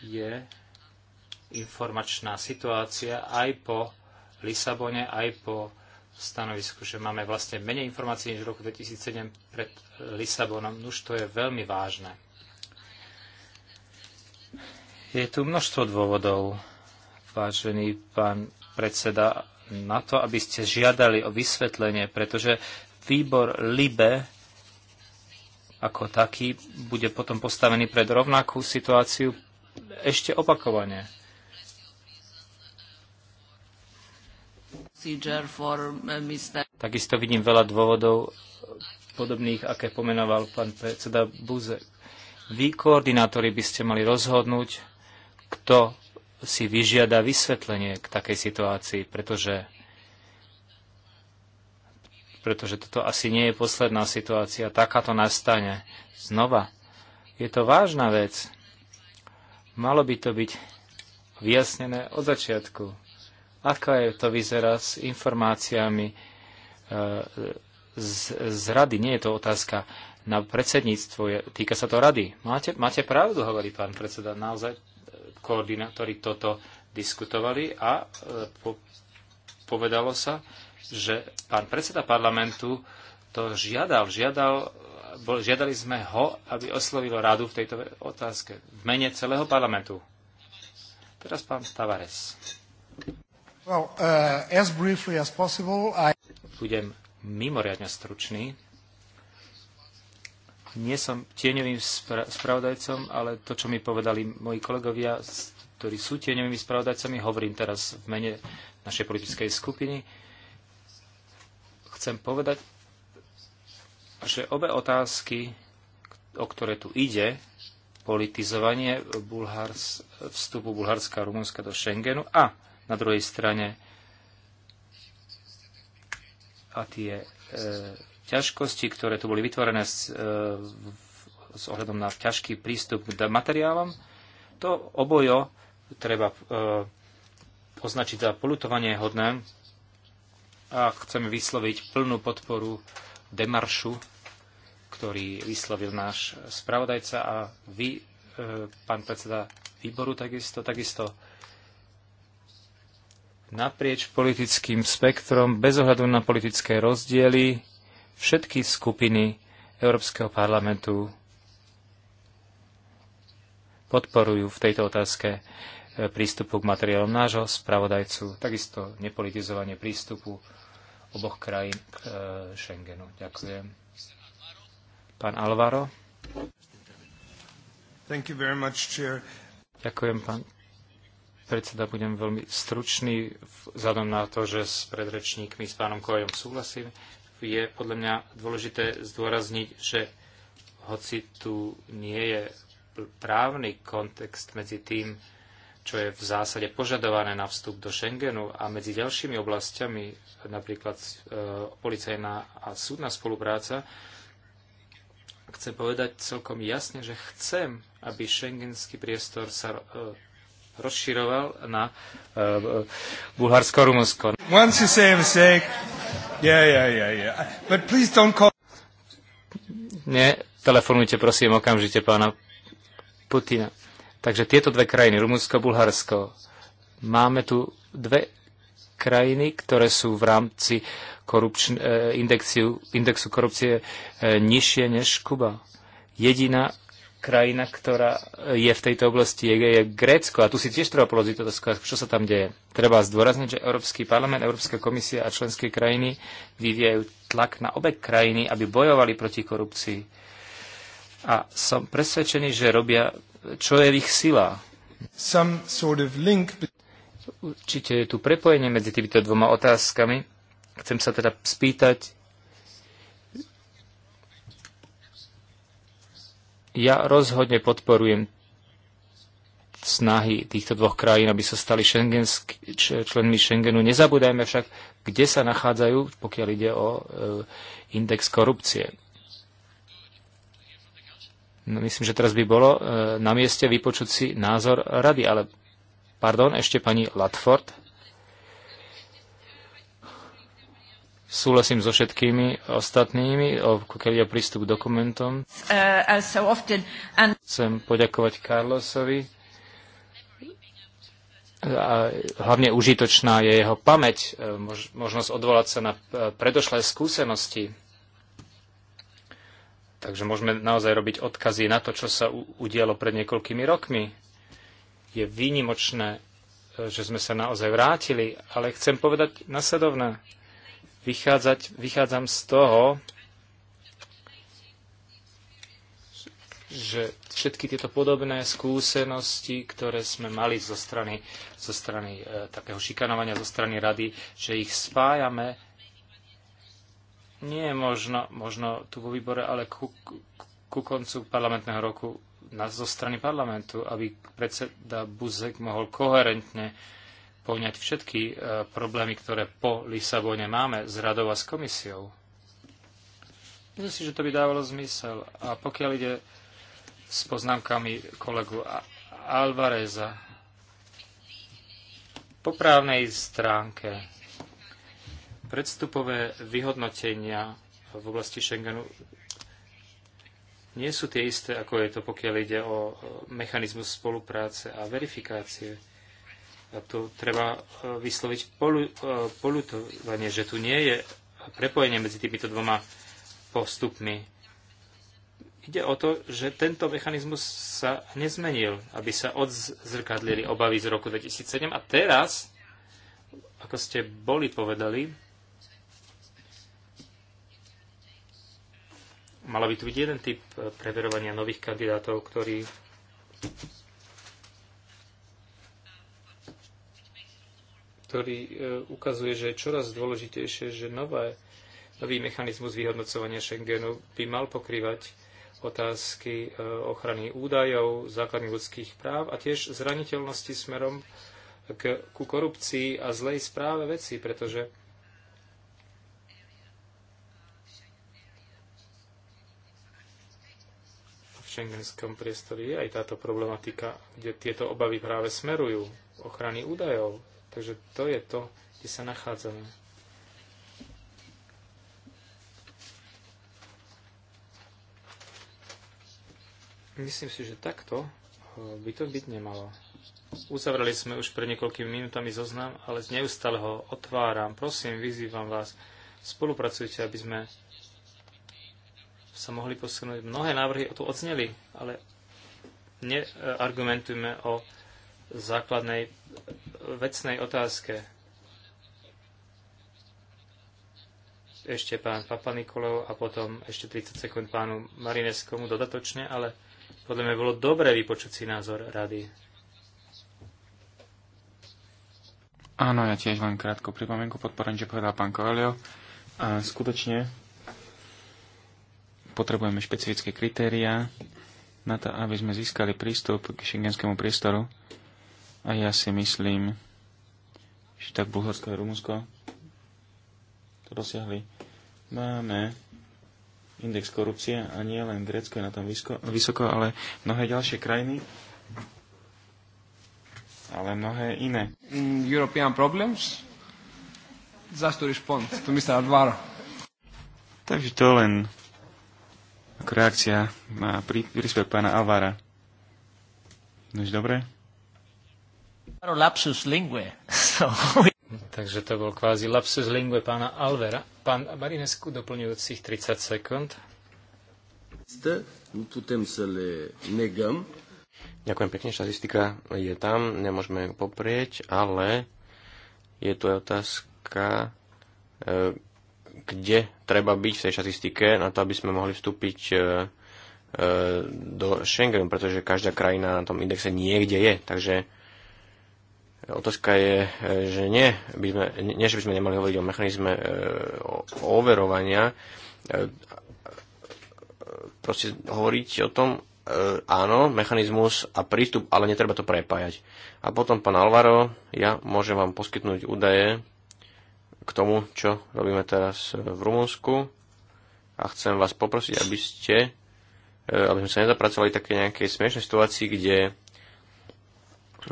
je informačná situácia aj po Lisabone, aj po stanovisku, že máme vlastne menej informácií než v roku 2007 pred e, Lisabonom. už to je veľmi vážne. Je tu množstvo dôvodov, vážený pán predseda, na to, aby ste žiadali o vysvetlenie, pretože výbor LIBE ako taký bude potom postavený pred rovnakú situáciu ešte opakovane. Uh, Takisto vidím veľa dôvodov podobných, aké pomenoval pán predseda Buzek. Vy, koordinátori, by ste mali rozhodnúť, kto si vyžiada vysvetlenie k takej situácii, pretože, pretože toto asi nie je posledná situácia. Takáto nastane znova. Je to vážna vec. Malo by to byť vyjasnené od začiatku. Ako je to vyzerá s informáciami e, z, z rady? Nie je to otázka na predsedníctvo, týka sa to rady. Máte, máte pravdu, hovorí pán predseda, naozaj koordinátori toto diskutovali a e, po, povedalo sa, že pán predseda parlamentu to žiadal, žiadal, bol, žiadali sme ho, aby oslovil radu v tejto otázke v mene celého parlamentu. Teraz pán Tavares. Well, uh, as as possible, I... Budem mimoriadne stručný nie som tieňovým spra- spravodajcom, ale to, čo mi povedali moji kolegovia, ktorí sú tieňovými spravodajcami, hovorím teraz v mene našej politickej skupiny. Chcem povedať, že obe otázky, o ktoré tu ide, politizovanie Bulhars, vstupu Bulharska a Rumunska do Schengenu a na druhej strane a tie e, ťažkosti, ktoré tu boli vytvorené s, e, s ohľadom na ťažký prístup k materiálom, to obojo treba e, označiť za polutovanie hodné a chceme vysloviť plnú podporu demaršu, ktorý vyslovil náš spravodajca a vy, e, pán predseda výboru, takisto, takisto naprieč politickým spektrom, bez ohľadu na politické rozdiely, všetky skupiny Európskeho parlamentu podporujú v tejto otázke e, prístupu k materiálom nášho spravodajcu, takisto nepolitizovanie prístupu oboch krajín k e, Schengenu. Ďakujem. Pán Alvaro. Much, Ďakujem, pán predseda. Budem veľmi stručný vzhľadom na to, že s predrečníkmi, s pánom Kojom súhlasím je podľa mňa dôležité zdôrazniť, že hoci tu nie je právny kontext medzi tým, čo je v zásade požadované na vstup do Schengenu a medzi ďalšími oblastiami, napríklad e, policajná a súdna spolupráca, chcem povedať celkom jasne, že chcem, aby šengenský priestor sa e, rozširoval na uh, Bulharsko Rumunsko. Once you say a mistake, yeah, yeah, yeah, yeah. But please don't call... Ne, telefonujte prosím okamžite pána Putina. Takže tieto dve krajiny, Rumunsko a Bulharsko, máme tu dve krajiny, ktoré sú v rámci eh, indexiu, indexu korupcie eh, nižšie než Kuba. Jediná krajina, ktorá je v tejto oblasti, je, je Grécko. A tu si tiež treba položiť otázku, čo sa tam deje. Treba zdôrazniť, že Európsky parlament, Európska komisia a členské krajiny vyvíjajú tlak na obe krajiny, aby bojovali proti korupcii. A som presvedčený, že robia, čo je v ich silách. Sort of link... Určite je tu prepojenie medzi týmito dvoma otázkami. Chcem sa teda spýtať, Ja rozhodne podporujem snahy týchto dvoch krajín, aby sa stali šengensk, členmi Schengenu. Nezabúdajme však, kde sa nachádzajú, pokiaľ ide o e, index korupcie. No, myslím, že teraz by bolo e, na mieste vypočuť si názor rady, ale pardon, ešte pani Latford. Súhlasím so všetkými ostatnými, pokiaľ je prístup k dokumentom. Uh, chcem poďakovať Carlosovi. A hlavne užitočná je jeho pamäť, e, možnosť odvolať sa na e, predošlé skúsenosti. Takže môžeme naozaj robiť odkazy na to, čo sa udialo pred niekoľkými rokmi. Je výnimočné, e, že sme sa naozaj vrátili, ale chcem povedať nasledovné vychádzať, vychádzam z toho, že všetky tieto podobné skúsenosti, ktoré sme mali zo strany, zo strany e, takého šikanovania, zo strany rady, že ich spájame, nie je možno, možno tu vo výbore, ale ku, ku, ku koncu parlamentného roku na, zo strany parlamentu, aby predseda Buzek mohol koherentne poňať všetky e, problémy, ktoré po Lisabone máme s radou a s komisiou. Myslím si, že to by dávalo zmysel. A pokiaľ ide s poznámkami kolegu Alvareza, po právnej stránke predstupové vyhodnotenia v oblasti Schengenu nie sú tie isté, ako je to, pokiaľ ide o e, mechanizmus spolupráce a verifikácie. A tu treba e, vysloviť polu, e, polutovanie, že tu nie je prepojenie medzi týmito dvoma postupmi. Ide o to, že tento mechanizmus sa nezmenil, aby sa odzrkadlili obavy z roku 2007 a teraz, ako ste boli povedali, mala by tu byť jeden typ preverovania nových kandidátov, ktorí ktorý e, ukazuje, že je čoraz dôležitejšie, že nové, nový mechanizmus vyhodnocovania Schengenu by mal pokrývať otázky e, ochrany údajov, základných ľudských práv a tiež zraniteľnosti smerom k, ku korupcii a zlej správe veci, pretože v šengenskom priestore je aj táto problematika, kde tieto obavy práve smerujú ochrany údajov, Takže to je to, kde sa nachádzame. Myslím si, že takto eh, by to byť nemalo. Uzavrali sme už pred niekoľkými minútami zoznam, ale neustále ho otváram. Prosím, vyzývam vás, spolupracujte, aby sme sa mohli posunúť. Mnohé návrhy o tu odzneli, ale neargumentujme o základnej vecnej otázke. Ešte pán Papa Nikolov a potom ešte 30 sekúnd pánu Marineskomu dodatočne, ale podľa mňa bolo dobré vypočuť si názor rady. Áno, ja tiež len krátko pripomienku podporujem, že povedal pán Koelio. A skutočne potrebujeme špecifické kritéria na to, aby sme získali prístup k šengenskému priestoru a ja si myslím, že tak Bulharsko a Rumunsko to dosiahli. Máme index korupcie a nie len Grécko je na tom vysko, vysoko, ale mnohé ďalšie krajiny, ale mnohé iné. European problems? Just to respond to Mr. Advaro. Takže to len ako reakcia má príspevok pána Alvara. Nož dobre? Lapsus lingue. Takže to bol kvázi lapsus lingue pána Alvera. Pán Marinescu, doplňujúcich 30 sekúnd. Nu putem să le negăm. Ďakujem pekne, štatistika je tam, nemôžeme ju poprieť, ale je tu aj otázka, e, kde treba byť v tej štatistike na to, aby sme mohli vstúpiť e, e, do Schengenu, pretože každá krajina na tom indexe niekde je. Takže Otázka je, eh, že nie, by sme, nie, že by sme nemali hovoriť o mechanizme eh, o overovania, eh, proste hovoriť o tom, áno, mechanizmus a prístup, ale netreba to prepájať. A potom, pán Alvaro, ja môžem vám poskytnúť údaje k tomu, čo robíme teraz v Rumunsku a chcem vás poprosiť, aby ste, aby sme sa nezapracovali také nejakej smiešnej situácii, kde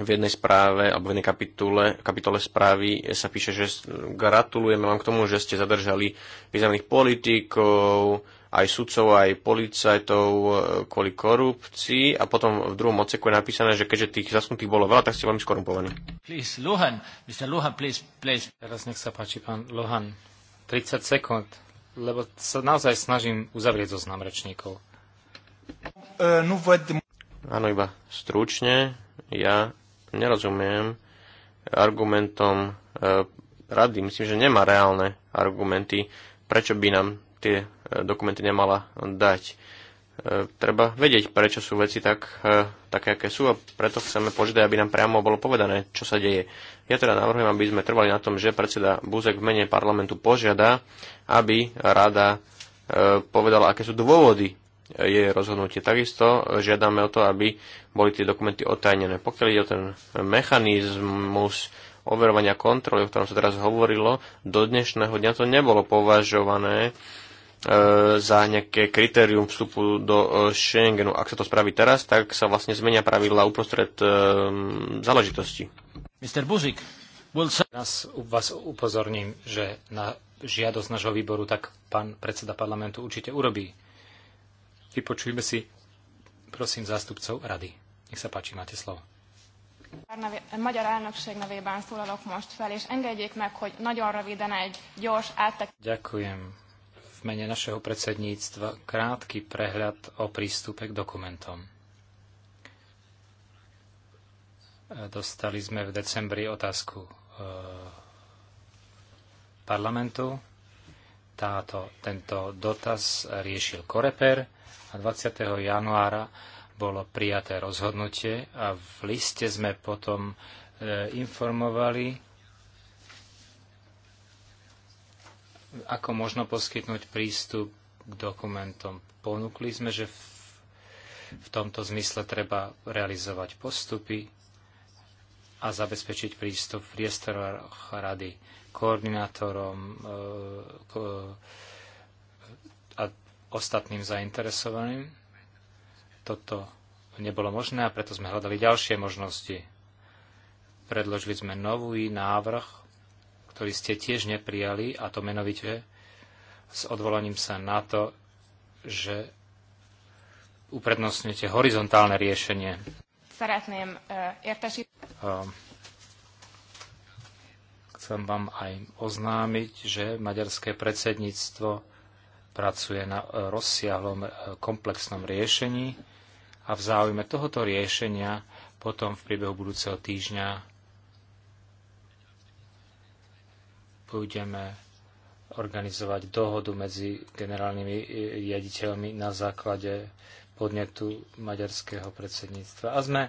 v jednej správe alebo v jednej kapitole, kapitole správy sa píše, že gratulujeme vám k tomu, že ste zadržali významných politikov, aj sudcov, aj policajtov e, kvôli korupcii a potom v druhom odseku je napísané, že keďže tých zasnutých bolo veľa, tak ste veľmi skorumpovaní. Please, Luhan, Mr. Luhan, please, please. Teraz nech sa páči, pán Luhan, 30 sekúnd, lebo sa naozaj snažím uzavrieť zoznam rečníkov. Uh, no, Áno, iba stručne. Ja nerozumiem argumentom e, rady. Myslím, že nemá reálne argumenty, prečo by nám tie e, dokumenty nemala dať. E, treba vedieť, prečo sú veci tak, také, aké sú a preto chceme požiadať, aby nám priamo bolo povedané, čo sa deje. Ja teda navrhujem, aby sme trvali na tom, že predseda Buzek v mene parlamentu požiada, aby rada povedala, aké sú dôvody je rozhodnutie. Takisto žiadame o to, aby boli tie dokumenty otajnené. Pokiaľ ide o ten mechanizmus overovania kontroly, o ktorom sa teraz hovorilo, do dnešného dňa to nebolo považované e, za nejaké kritérium vstupu do e, Schengenu. Ak sa to spraví teraz, tak sa vlastne zmenia pravidla uprostred e, záležitosti. Mr. Buzik, Nás vás upozorním, že na žiadosť nášho výboru tak pán predseda parlamentu určite urobí Vypočujme si, prosím, zástupcov rady. Nech sa páči, máte slovo. Magyar elnökség nevében szólalok most fel, és engedjék meg, hogy nagyon röviden egy gyors áttek... Ďakujem. V mene našeho predsedníctva krátky prehľad o prístupe k dokumentom. Dostali sme v decembri otázku e, parlamentu. Táto, tento dotaz riešil Koreper a 20. januára bolo prijaté rozhodnutie a v liste sme potom e, informovali, ako možno poskytnúť prístup k dokumentom. Ponúkli sme, že v, v tomto zmysle treba realizovať postupy a zabezpečiť prístup v priestoroch rady koordinátorom, e, ostatným zainteresovaným. Toto nebolo možné a preto sme hľadali ďalšie možnosti. Predložili sme nový návrh, ktorý ste tiež neprijali, a to menovite s odvolaním sa na to, že uprednostňujete horizontálne riešenie. E, chcem vám aj oznámiť, že maďarské predsedníctvo pracuje na rozsiahlom e, komplexnom riešení a v záujme tohoto riešenia potom v priebehu budúceho týždňa budeme organizovať dohodu medzi generálnymi e, riaditeľmi na základe podnetu maďarského predsedníctva. A sme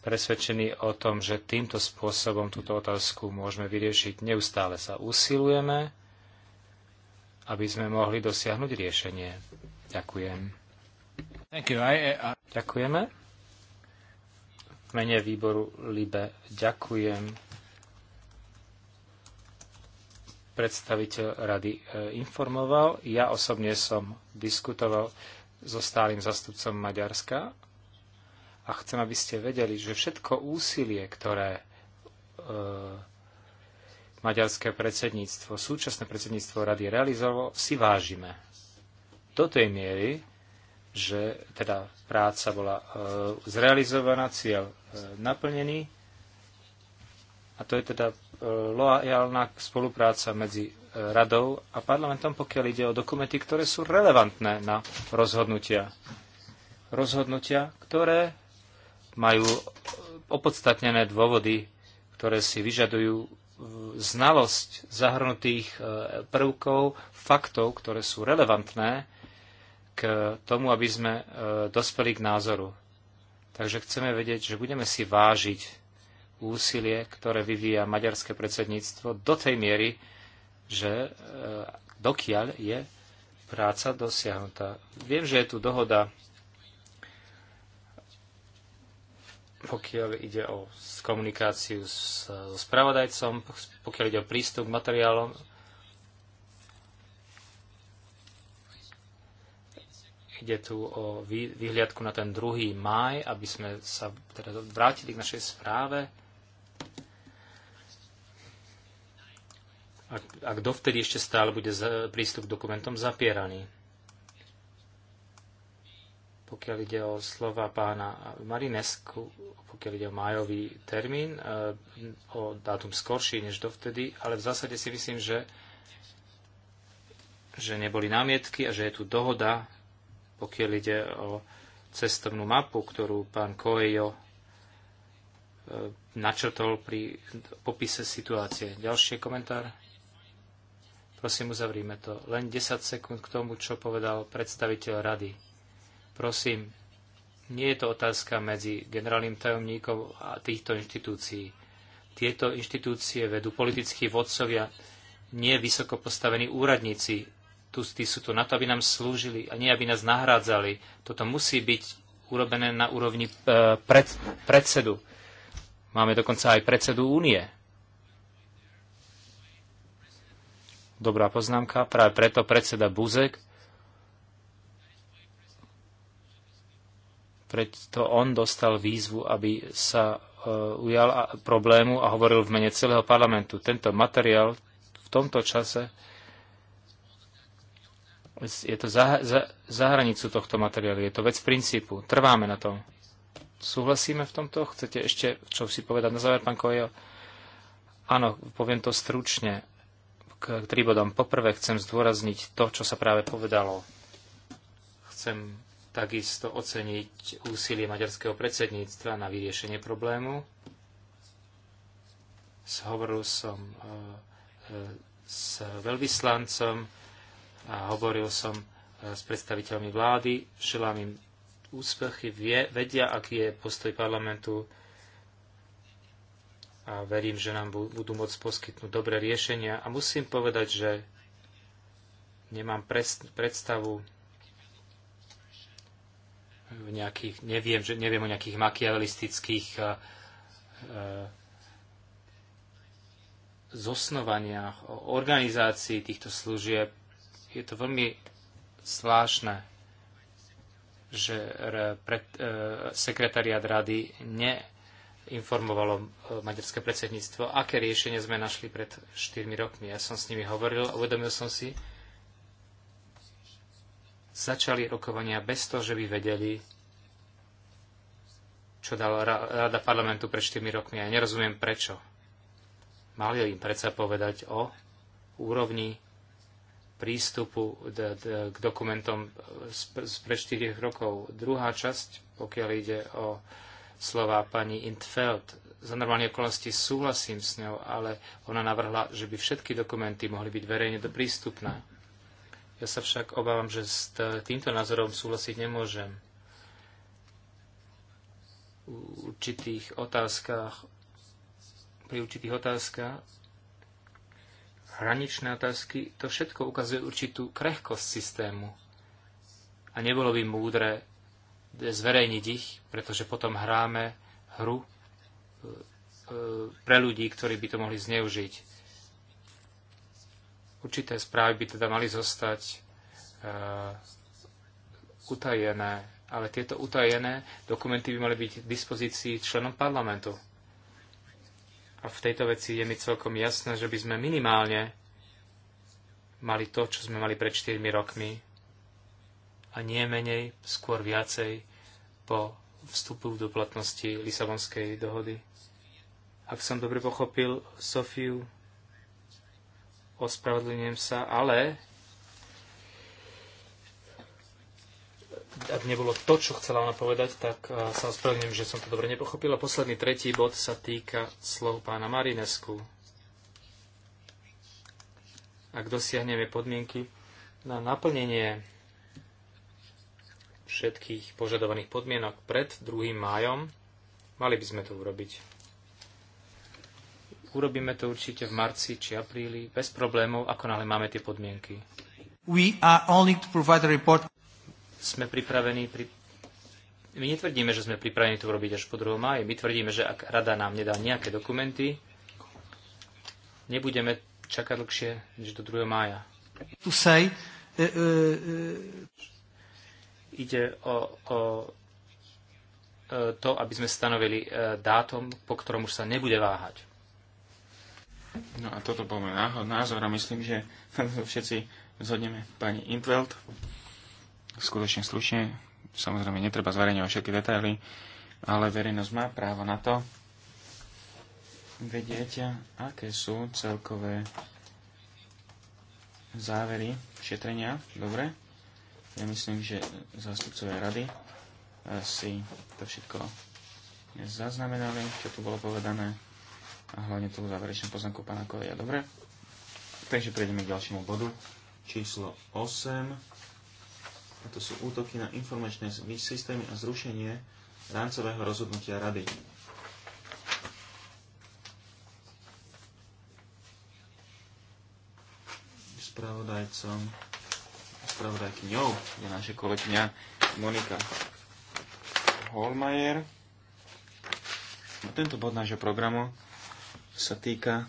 presvedčení o tom, že týmto spôsobom túto otázku môžeme vyriešiť. Neustále sa usilujeme aby sme mohli dosiahnuť riešenie. Ďakujem. Ďakujeme. V mene výboru LIBE ďakujem predstaviteľ rady e, informoval. Ja osobne som diskutoval so stálym zastupcom Maďarska a chcem, aby ste vedeli, že všetko úsilie, ktoré e, maďarské predsedníctvo, súčasné predsedníctvo rady realizovalo, si vážime. Do tej miery, že teda práca bola e, zrealizovaná, cieľ e, naplnený a to je teda e, loajálna spolupráca medzi radou a parlamentom, pokiaľ ide o dokumenty, ktoré sú relevantné na rozhodnutia. Rozhodnutia, ktoré majú opodstatnené dôvody, ktoré si vyžadujú znalosť zahrnutých e, prvkov, faktov, ktoré sú relevantné k tomu, aby sme e, dospeli k názoru. Takže chceme vedieť, že budeme si vážiť úsilie, ktoré vyvíja maďarské predsedníctvo do tej miery, že e, dokiaľ je práca dosiahnutá. Viem, že je tu dohoda pokiaľ ide o komunikáciu so spravodajcom, pokiaľ ide o prístup k materiálom. Ide tu o vyhliadku na ten 2. maj, aby sme sa teda vrátili k našej správe. A, a vtedy ešte stále bude prístup k dokumentom zapieraný? pokiaľ ide o slova pána Marinesku, pokiaľ ide o májový termín, e, o dátum skorší než dovtedy, ale v zásade si myslím, že, že neboli námietky a že je tu dohoda, pokiaľ ide o cestovnú mapu, ktorú pán Coelho e, načrtol pri popise situácie. Ďalší komentár? Prosím, uzavrime to. Len 10 sekúnd k tomu, čo povedal predstaviteľ rady Prosím, nie je to otázka medzi generálnym tajomníkom a týchto inštitúcií. Tieto inštitúcie vedú politickí vodcovia, nie vysoko postavení úradníci. Tu, tí sú tu na to, aby nám slúžili a nie aby nás nahrádzali. Toto musí byť urobené na úrovni e, pred, predsedu. Máme dokonca aj predsedu únie. Dobrá poznámka. Práve preto predseda Buzek preto on dostal výzvu, aby sa e, ujal problému a hovoril v mene celého parlamentu. Tento materiál v tomto čase je to za, za, za hranicu tohto materiálu, je to vec princípu. Trváme na tom. Súhlasíme v tomto? Chcete ešte čo si povedať na záver, pán Kojo? Áno, poviem to stručne. K, k tri bodom. Poprvé chcem zdôrazniť to, čo sa práve povedalo. Chcem takisto oceniť úsilie maďarského predsedníctva na vyriešenie problému. Hovoril som e, e, s veľvyslancom a hovoril som e, s predstaviteľmi vlády, želám im úspechy, vie, vedia, aký je postoj parlamentu a verím, že nám budú môcť poskytnúť dobré riešenia. A musím povedať, že nemám predstavu nejakých, neviem, že, neviem o nejakých makiavelistických e, e, zosnovaniach, o organizácii týchto služieb. Je to veľmi zvláštne, že pred, e, sekretariat rady neinformovalo e, maďarské predsedníctvo, aké riešenie sme našli pred 4 rokmi. Ja som s nimi hovoril a uvedomil som si, začali rokovania bez toho, že by vedeli, čo dala Rada parlamentu pred 4 rokmi. Ja nerozumiem prečo. Mali im predsa povedať o úrovni prístupu k dokumentom z pred 4 rokov. Druhá časť, pokiaľ ide o slova pani Intfeld, za normálne okolnosti súhlasím s ňou, ale ona navrhla, že by všetky dokumenty mohli byť verejne prístupné. Ja sa však obávam, že s týmto názorom súhlasiť nemôžem. U určitých otázkach, pri určitých otázkach, hraničné otázky, to všetko ukazuje určitú krehkosť systému. A nebolo by múdre zverejniť ich, pretože potom hráme hru e, e, pre ľudí, ktorí by to mohli zneužiť Určité správy by teda mali zostať uh, utajené, ale tieto utajené dokumenty by mali byť k dispozícii členom parlamentu. A v tejto veci je mi celkom jasné, že by sme minimálne mali to, čo sme mali pred 4 rokmi a nie menej, skôr viacej po vstupu do platnosti Lisabonskej dohody. Ak som dobre pochopil Sofiu, ospravedlňujem sa, ale ak nebolo to, čo chcela ona povedať, tak e, sa ospravedlňujem, že som to dobre nepochopila. Posledný tretí bod sa týka slov pána Marinesku. Ak dosiahneme podmienky na naplnenie všetkých požadovaných podmienok pred 2. májom, mali by sme to urobiť. Urobíme to určite v marci či apríli, bez problémov, ako náhle máme tie podmienky. We are only to provide a report. Sme pripravení pri... My netvrdíme, že sme pripravení to urobiť až po 2. máji. My tvrdíme, že ak rada nám nedá nejaké dokumenty, nebudeme čakať dlhšie než do 2. mája. To say, uh, uh, Ide o, o to, aby sme stanovili dátum, po ktorom už sa nebude váhať. No a toto bol môj názor a myslím, že všetci zhodneme pani Intveld. Skutočne slušne, samozrejme netreba zverejňovať všetky detaily, ale verejnosť má právo na to vedieť, aké sú celkové závery šetrenia. Dobre? Ja myslím, že zástupcovia rady eh, si to všetko zaznamenali, čo tu bolo povedané a hlavne tú záverečnú poznámku pána Koleja. Dobre, takže prejdeme k ďalšiemu bodu. Číslo 8. A to sú útoky na informačné systémy a zrušenie rámcového rozhodnutia rady. Spravodajcom, spravodajkyňou je naša kolegyňa Monika Holmajer. Tento bod nášho programu sa týka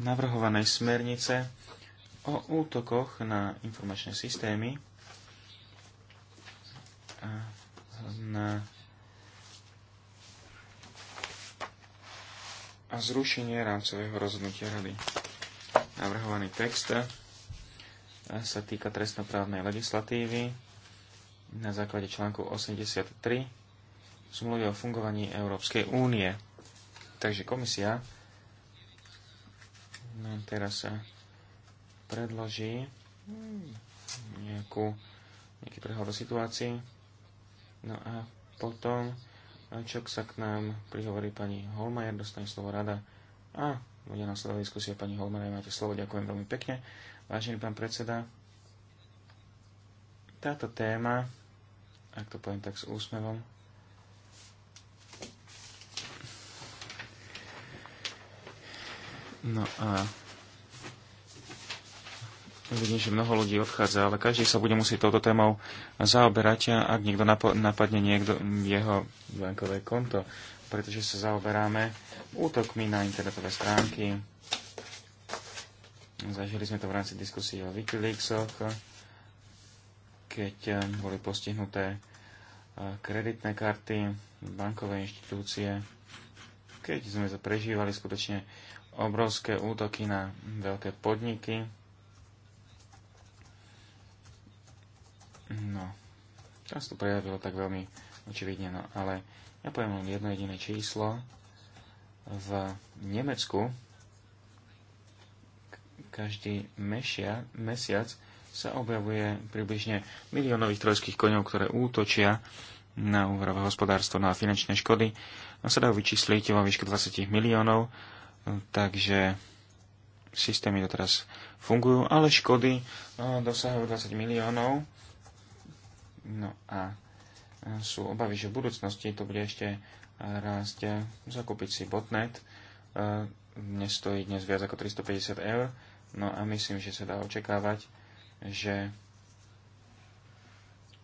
navrhovanej smernice o útokoch na informačné systémy a na a zrušenie rámcového rozhodnutia rady. Navrhovaný text sa týka trestnoprávnej legislatívy na základe článku 83 zmluvy o fungovaní Európskej únie. Takže komisia nám teraz sa predloží nejakú, nejaký prehľad o situácii. No a potom, čo sa k nám prihovorí pani Holmajer, dostane slovo rada a bude následovať diskusia pani Holmajer, máte slovo, ďakujem veľmi pekne. Vážený pán predseda, táto téma, ak to poviem tak s úsmevom, No a vidím, že mnoho ľudí odchádza, ale každý sa bude musieť touto témou zaoberať, ak niekto napadne niekto jeho bankové konto, pretože sa zaoberáme útokmi na internetové stránky. Zažili sme to v rámci diskusie o Wikileaksoch, keď eh, boli postihnuté eh, kreditné karty, bankové inštitúcie, keď sme to prežívali skutočne obrovské útoky na veľké podniky. No, teraz to prejavilo tak veľmi očividne, no, ale ja poviem len jedno jediné číslo. V Nemecku každý mešia, mesiac sa objavuje približne miliónových trojských koňov, ktoré útočia na úverové hospodárstvo, na no finančné škody. No sa dajú vyčísliť vo výške 20 miliónov takže systémy doteraz fungujú, ale škody e, dosahujú 20 miliónov. No a e, sú obavy, že v budúcnosti to bude ešte rásť. Zakúpiť si botnet e, dnes stojí dnes viac ako 350 eur. No a myslím, že sa dá očakávať, že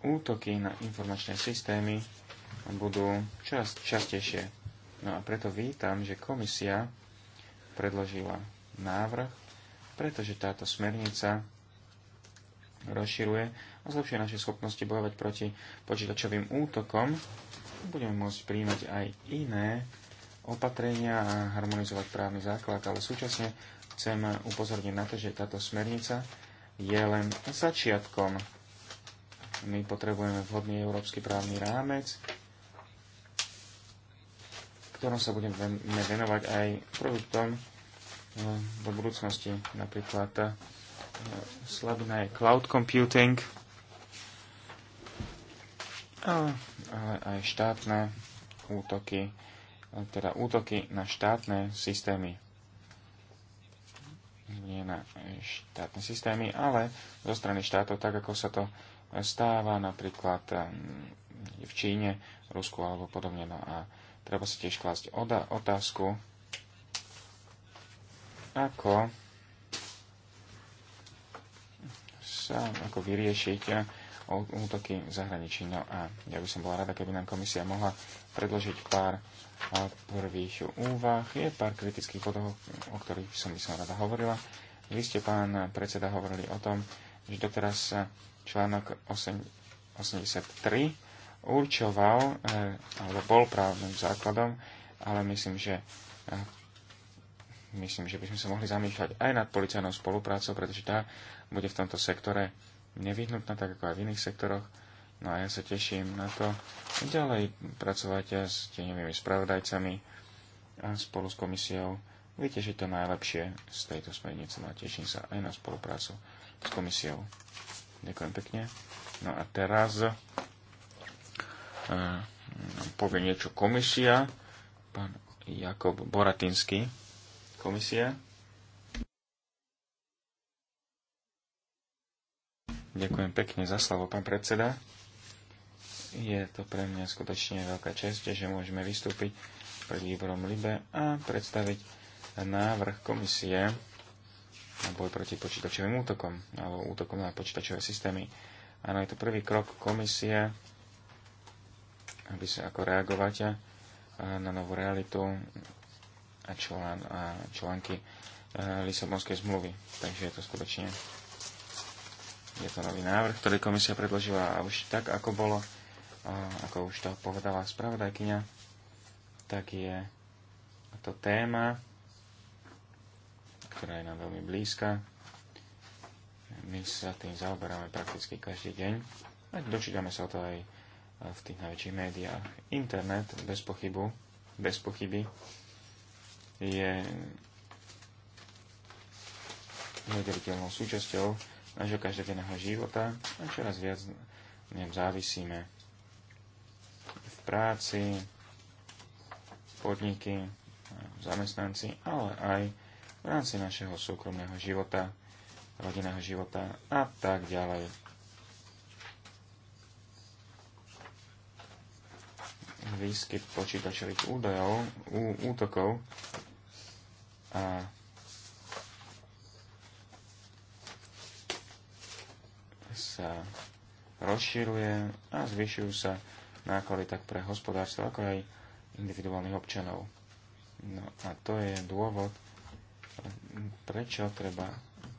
útoky na informačné systémy budú čas, častejšie. No a preto vítam, že komisia predložila návrh, pretože táto smernica rozširuje a zlepšuje naše schopnosti bojovať proti počítačovým útokom. Budeme môcť príjmať aj iné opatrenia a harmonizovať právny základ, ale súčasne chcem upozorniť na to, že táto smernica je len začiatkom. My potrebujeme vhodný európsky právny rámec, ktorom sa budeme venovať aj produktom eh, do budúcnosti. Napríklad eh, slabina je cloud computing, ale aj štátne útoky, eh, teda útoky na štátne systémy. Nie na štátne systémy, ale zo strany štátov, tak ako sa to stáva napríklad v Číne, Rusku alebo podobne. No a Treba si tiež klásť otázku, ako sa ako vyriešiť eh, útoky v zahraničí. No a ja by som bola rada, keby nám komisia mohla predložiť pár eh, prvých úvah. Je pár kritických bodov, o ktorých som by som rada hovorila. Vy ste, pán predseda, hovorili o tom, že doteraz eh, článok 8, 83 určoval, eh, alebo bol právnym základom, ale myslím, že eh, myslím, že by sme sa mohli zamýšľať aj nad policajnou spoluprácou, pretože tá bude v tomto sektore nevyhnutná, tak ako aj v iných sektoroch. No a ja sa teším na to ďalej pracovať s tieňovými spravodajcami a spolu s komisiou že to najlepšie z tejto smernice. No a teším sa aj na spoluprácu s komisiou. Ďakujem pekne. No a teraz nám ehm, povie niečo komisia, pán Jakob Boratinsky, komisia. Ďakujem pekne za slovo, pán predseda. Je to pre mňa skutočne veľká čest, že môžeme vystúpiť pred výborom LIBE a predstaviť návrh komisie na boj proti počítačovým útokom alebo útokom na počítačové systémy. Áno, je to prvý krok komisie aby sa ako reagovať na novú realitu a, člán, a články e, Lisabonskej zmluvy. Takže je to skutočne je to nový návrh, ktorý komisia predložila a už tak, ako bolo, ako už to povedala spravodajkyňa, tak je to téma, ktorá je nám veľmi blízka. My sa tým zaoberáme prakticky každý deň a dočítame sa o to aj v tých najväčších médiách. Internet bez pochybu, bez pochyby je nedeliteľnou súčasťou nášho každodenného života a čoraz viac neviem, závisíme v práci, podniky, zamestnanci, ale aj v rámci našeho súkromného života, rodinného života a tak ďalej. výskyt počítačových údajov, ú, útokov a sa rozširuje a zvyšujú sa náklady tak pre hospodárstvo, ako aj individuálnych občanov. No a to je dôvod, prečo treba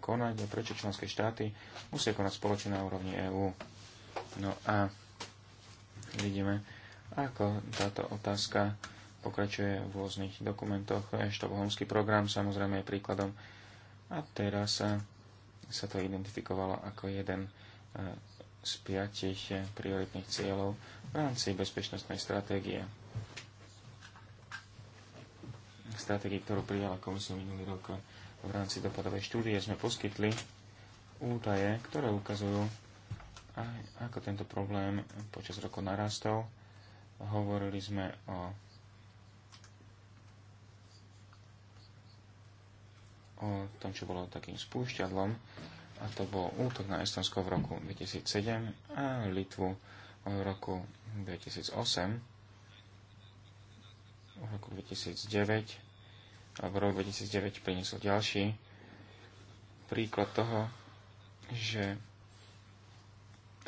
konať a prečo členské štáty musia konať spoločne na úrovni EÚ. No a vidíme, ako táto otázka pokračuje v rôznych dokumentoch. Štokholmský program samozrejme je príkladom. A teraz sa, sa to identifikovalo ako jeden e, z piatich e, prioritných cieľov v rámci bezpečnostnej stratégie. Stratégie, ktorú prijala komisia minulý rok e, v rámci dopadovej štúdie, sme poskytli údaje, ktoré ukazujú, ako tento problém počas rokov narastol Hovorili sme o o tom, čo bolo takým spúšťadlom, a to bol útok na Estonsko v roku 2007 a Litvu v roku 2008. V roku 2009 a v roku 2009 priniesol ďalší príklad toho, že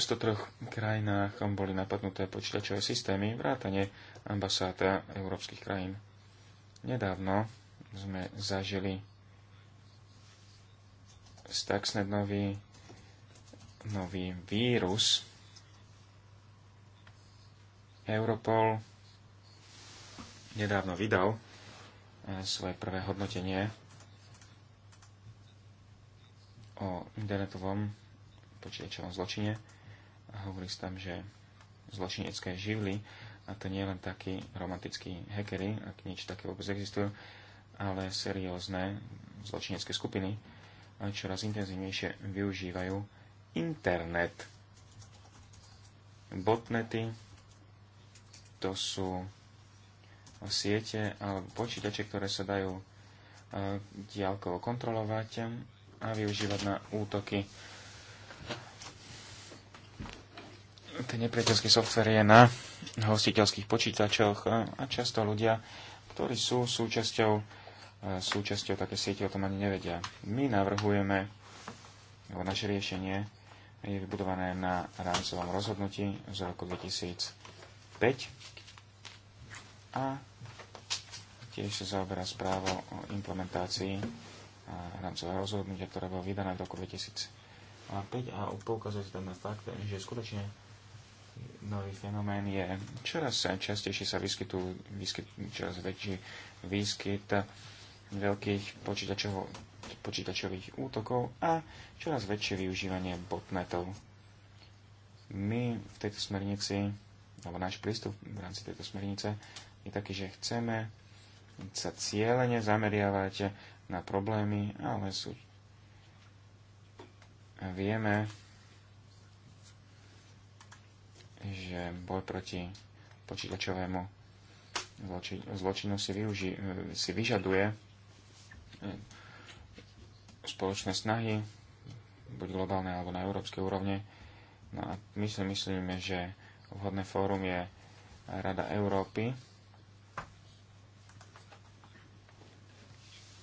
103 krajinách boli napadnuté počítačové systémy vrátane ambasáda európskych krajín. Nedávno sme zažili Stuxnet nový, nový vírus. Europol nedávno vydal eh, svoje prvé hodnotenie o internetovom počítačovom zločine hovorí sa tam, že zločinecké živly, a to nie len takí romantickí hekery, ak niečo také vôbec existujú, ale seriózne zločinecké skupiny čoraz intenzívnejšie využívajú internet. Botnety to sú siete alebo počítače, ktoré sa dajú diálkovo kontrolovať a využívať na útoky ten nepriateľský software je na hostiteľských počítačoch eh, a často ľudia, ktorí sú súčasťou, eh, súčasťou také siete, o tom ani nevedia. My navrhujeme, naše riešenie je vybudované na rámcovom rozhodnutí z roku 2005 a tiež sa zaoberá správou o implementácii eh, rámcového rozhodnutia, ktoré bolo vydané v roku 2005 a poukazuje sa tam na fakt, že skutočne nový fenomén je čoraz častejšie sa vyskytujú, vyskyt, čoraz väčší výskyt veľkých počítačov, počítačových útokov a čoraz väčšie využívanie botnetov. My v tejto smernici, alebo náš prístup v rámci tejto smernice je taký, že chceme sa cieľene zameriavať na problémy, ale sú vieme, že boj proti počítačovému zloči- zločinu si, využi- si vyžaduje eh, spoločné snahy, buď globálne alebo na európskej úrovne. No a my si myslíme, že vhodné fórum je Rada Európy.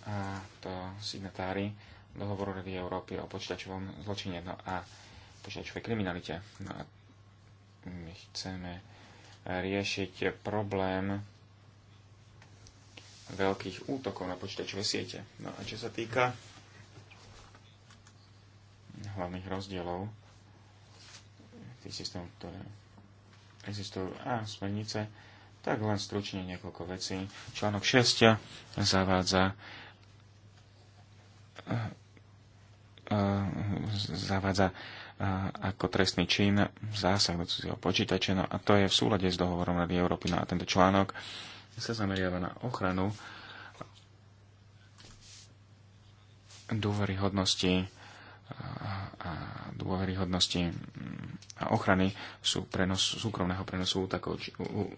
A to signatári dohovoru Rady Európy o počítačovom zločine no a počítačovej kriminalite. No a my chceme riešiť problém veľkých útokov na počítačové siete. No a čo sa týka hlavných rozdielov tých systémov, ktoré existujú a smernice, tak len stručne niekoľko vecí. Článok 6 zavádza zavádza ako trestný čin zásah do cudzieho počítača no a to je v súlade s dohovorom Rady Európy. No a tento článok sa zameriava na ochranu dôveryhodnosti a dôveryhodnosti a ochrany sú prenos, súkromného prenosu útakov,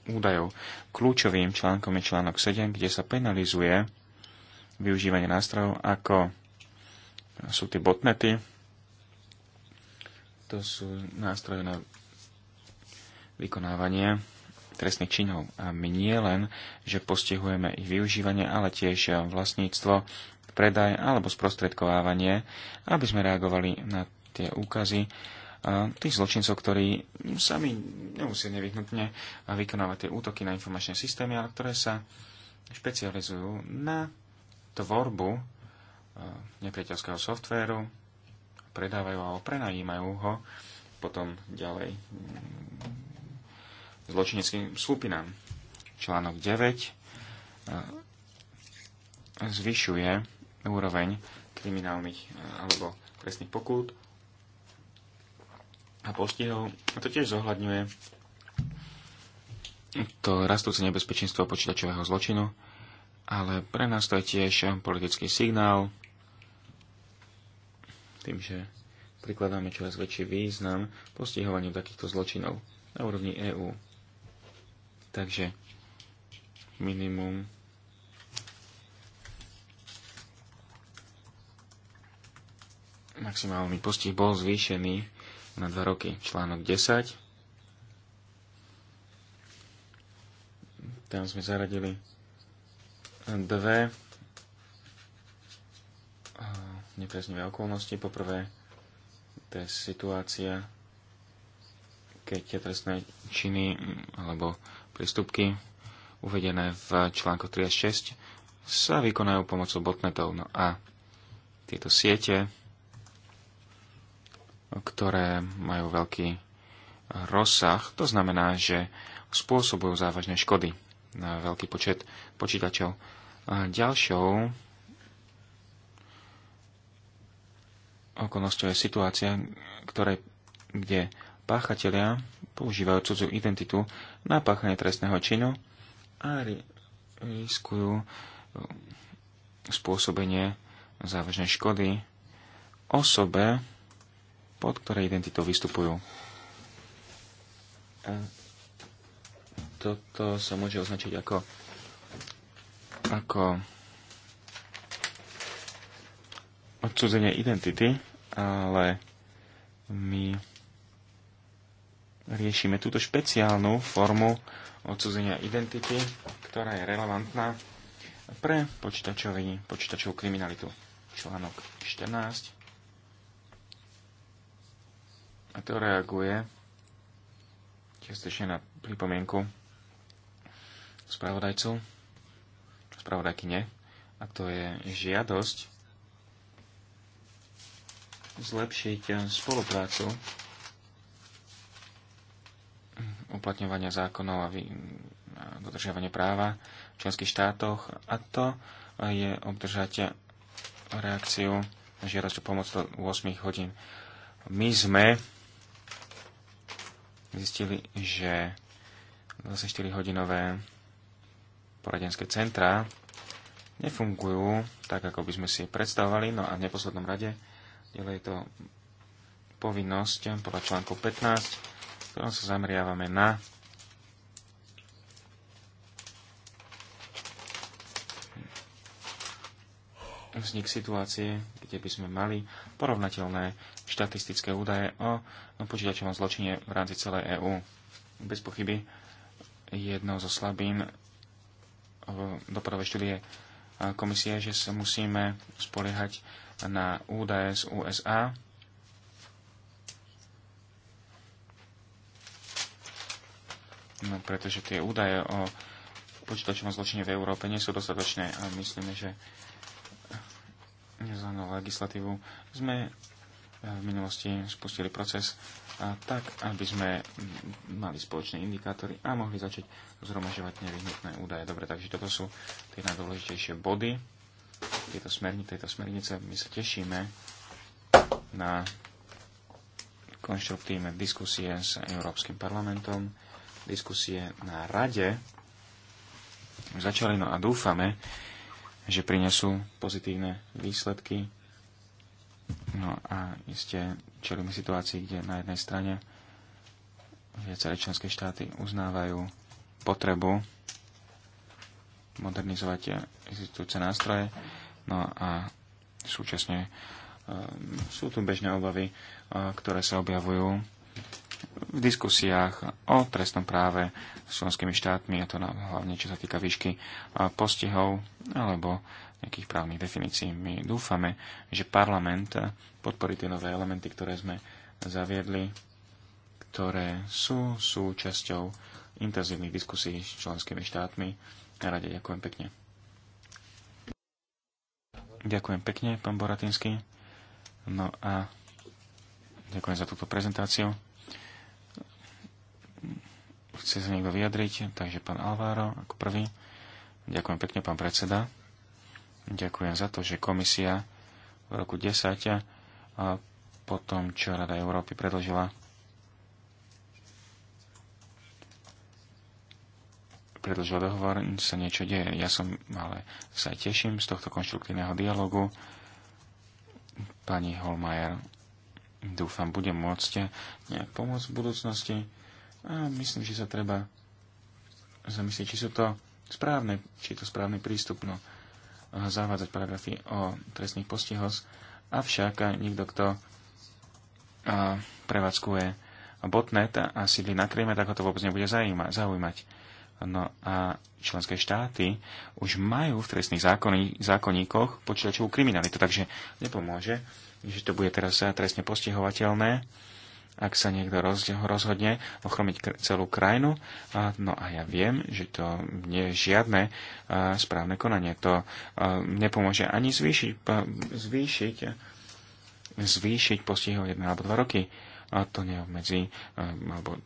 údajov. Kľúčovým článkom je článok 7, kde sa penalizuje využívanie nástrojov, ako sú tie botnety, to sú nástroje na vykonávanie trestných činov. A my nie len, že postihujeme ich využívanie, ale tiež vlastníctvo, predaj alebo sprostredkovávanie, aby sme reagovali na tie úkazy tých zločincov, ktorí sami nemusia nevyhnutne vykonávať tie útoky na informačné systémy, ale ktoré sa špecializujú na tvorbu e, nepriateľského softvéru, predávajú alebo prenajímajú ho potom ďalej zločineckým skupinám. Článok 9 e, zvyšuje úroveň kriminálnych e, alebo trestných pokút a postihov. A to tiež zohľadňuje to rastúce nebezpečenstvo počítačového zločinu, ale pre nás to je tiež politický signál, tým, že prikladáme čoraz väčší význam postihovaniu takýchto zločinov na úrovni EÚ. Takže minimum maximálny postih bol zvýšený na 2 roky. Článok 10. Tam sme zaradili dve nepriaznivé okolnosti. Poprvé, to je situácia, keď tie trestné činy mm, alebo prístupky uvedené v článku 3 a 6 sa vykonajú pomocou botnetov. No a tieto siete, ktoré majú veľký rozsah, to znamená, že spôsobujú závažné škody na veľký počet počítačov. A ďalšou okolnosťou je situácia, ktoré, kde páchatelia používajú cudzú identitu na páchanie trestného činu a riskujú um, spôsobenie závažnej škody osobe, pod ktorej identitou vystupujú. A toto sa môže označiť ako, ako odcudzenie identity ale my riešime túto špeciálnu formu odsudzenia identity, ktorá je relevantná pre počítačový, počítačovú kriminalitu. Článok 14. A to reaguje čiastočne na pripomienku spravodajcu, Spravodajky nie, a to je žiadosť zlepšiť eh, spoluprácu uplatňovania zákonov a, dodržiavanie dodržiavania práva v členských štátoch a to eh, je obdržať reakciu na žiadosť o pomoc do 8 hodín. My sme zistili, že 24-hodinové poradenské centra nefungujú tak, ako by sme si predstavovali, no a v neposlednom rade Ďalej je to povinnosť podľa článku 15, ktorom sa zameriavame na vznik situácie, kde by sme mali porovnateľné štatistické údaje o počítačovom zločine v rámci celej EÚ. Bez pochyby jednou zo slabín dopadovej štúdie komisie, že sa musíme spoliehať na údaje z USA. No, pretože tie údaje o počítačnom zločine v Európe nie sú dostatočné a myslíme, že nezvanú legislatívu sme eh, v minulosti spustili proces a tak, aby sme mali spoločné indikátory a mohli začať zhromažovať nevyhnutné údaje. Dobre, takže toto sú tie najdôležitejšie body tejto, smerni, tejto smernice. My sa tešíme na konštruktívne diskusie s Európskym parlamentom, diskusie na rade. Začali no a dúfame, že prinesú pozitívne výsledky. No a iste čelíme situácii, kde na jednej strane viaceré členské štáty uznávajú potrebu modernizovať existujúce nástroje No a súčasne e, sú tu bežné obavy, e, ktoré sa objavujú v diskusiách o trestnom práve s členskými štátmi, a to na, hlavne čo sa týka výšky e, postihov alebo nejakých právnych definícií. My dúfame, že parlament podporí tie nové elementy, ktoré sme zaviedli, ktoré sú súčasťou intenzívnych diskusí s členskými štátmi. Rade ďakujem pekne. Ďakujem pekne, pán Boratinsky. No a ďakujem za túto prezentáciu. Chce sa niekto vyjadriť, takže pán Alváro ako prvý. Ďakujem pekne, pán predseda. Ďakujem za to, že komisia v roku 10 a po tom, čo Rada Európy predložila predlžil dohovor, sa niečo deje. Ja som ale sa teším z tohto konštruktívneho dialogu. Pani Holmajer, dúfam, bude môcť nejak pomôcť v budúcnosti. A myslím, že sa treba zamyslieť, či sú to správne, či je to správny prístup. No, zavádzať paragrafy o trestných postihoch, avšak niekto, kto prevádzkuje botnet a sídli na Kríme, tak ho to vôbec nebude zaujímať. No a členské štáty už majú v trestných zákonníkoch počítačovú kriminalitu, takže nepomôže, že to bude teraz trestne postihovateľné, ak sa niekto rozhodne ochromiť celú krajinu. no a ja viem, že to nie je žiadne správne konanie. To nepomôže ani zvýšiť, zvýšiť, zvýšiť postihovať 1 alebo 2 roky. A to neobmedzí, alebo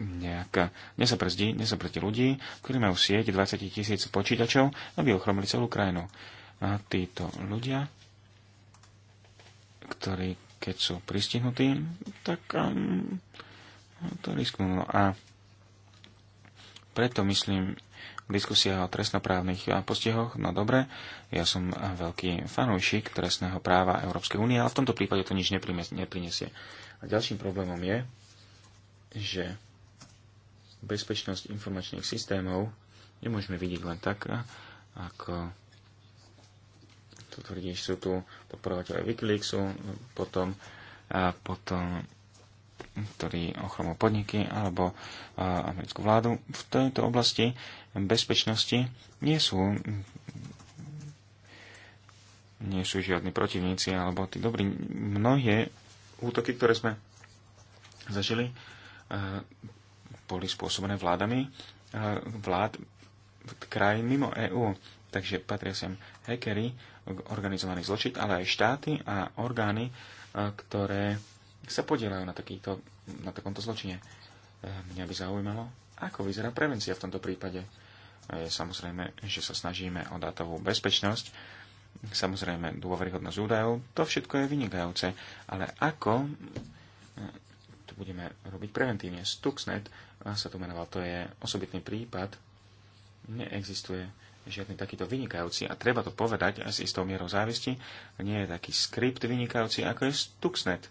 nejaká nezaprzdí, nezaprzdí ľudí, ktorí majú sieť 20 tisíc počítačov, aby ochromili celú krajinu. A títo ľudia, ktorí keď sú pristihnutí, tak um, to risknú. No a preto myslím, diskusia o trestnoprávnych postihoch, no dobre, ja som veľký fanúšik trestného práva Európskej únie, ale v tomto prípade to nič neprinesie. A ďalším problémom je, že bezpečnosť informačných systémov nemôžeme vidieť len tak, ako tu tvrdíš, sú tu podporovateľe Wikileaksu, potom, a potom ktorý ochromil podniky alebo a, americkú vládu. V tejto oblasti bezpečnosti nie sú nie sú žiadni protivníci alebo tí dobrí. Mnohé útoky, ktoré sme zažili, boli spôsobené vládami eh, vlád krajín mimo EÚ. Takže patria sem hackery, organizovaný zločin, ale aj štáty a orgány, eh, ktoré sa podielajú na, takýto, na takomto zločine. Eh, mňa by zaujímalo, ako vyzerá prevencia v tomto prípade. Samozrejme, že sa snažíme o dátovú bezpečnosť, samozrejme dôveryhodnosť údajov, to všetko je vynikajúce, ale ako to budeme robiť preventívne. Stuxnet sa to menoval, to je osobitný prípad, neexistuje žiadny takýto vynikajúci a treba to povedať aj s istou mierou závisti, nie je taký skript vynikajúci, ako je Stuxnet.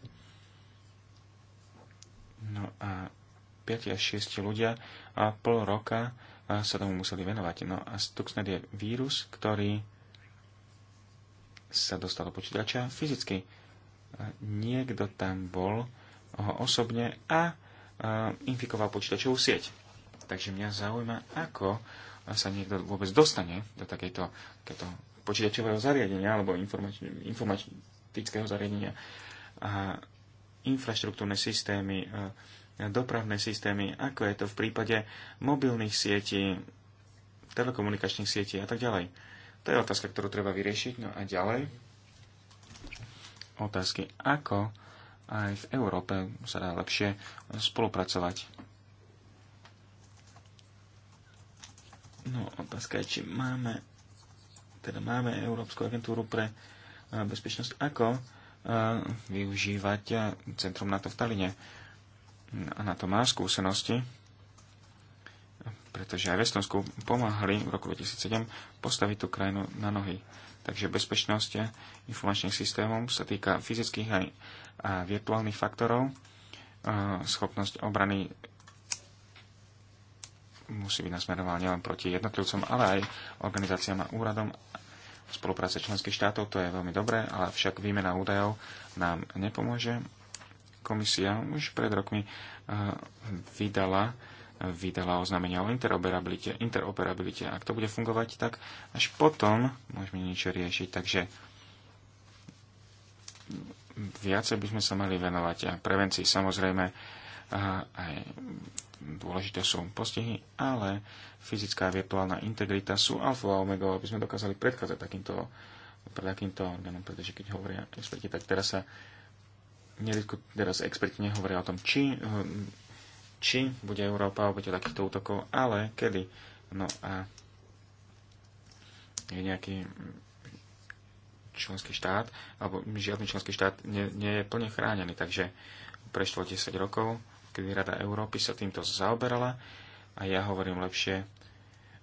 No a 5 až 6 ľudia a pol roka sa tomu museli venovať. No a Stuxnet je vírus, ktorý sa dostal do počítača fyzicky. Niekto tam bol, ho osobne a infikoval počítačovú sieť. Takže mňa zaujíma, ako sa niekto vôbec dostane do takejto, takéto počítačového zariadenia alebo informač- informatického zariadenia. A infraštruktúrne systémy, dopravné systémy, ako je to v prípade mobilných sietí, telekomunikačných sietí a tak ďalej. To je otázka, ktorú treba vyriešiť. No a ďalej otázky, ako aj v Európe sa dá lepšie spolupracovať. No, otázka je, či máme, teda máme Európsku agentúru pre eh, bezpečnosť, ako eh, využívať eh, centrum NATO v Taline. A na to má skúsenosti, pretože aj v Estonsku pomáhali v roku 2007 postaviť tú krajinu na nohy. Takže bezpečnosť informačných systémov sa týka fyzických aj a virtuálnych faktorov. Schopnosť obrany musí byť nasmerovaná nielen proti jednotlivcom, ale aj organizáciám a úradom spolupráce členských štátov, to je veľmi dobré, ale však výmena údajov nám nepomôže. Komisia už pred rokmi e, vydala, vydala oznámenia o interoperabilite, interoperabilite. Ak to bude fungovať, tak až potom môžeme niečo riešiť. Takže viacej by sme sa mali venovať a prevencii samozrejme a aj dôležité sú postihy, ale fyzická a virtuálna integrita sú alfa a omega, aby sme dokázali predchádzať takýmto, pre takýmto orgánom, pretože keď hovoria experti, tak teraz sa nerisku, teraz experti nehovoria o tom, či, či bude Európa obeťou takýchto útokov, ale kedy. No a je nejaký členský štát, alebo žiadny členský štát nie, nie je plne chránený. Takže prešlo 10 rokov, kedy Rada Európy sa týmto zaoberala a ja hovorím lepšie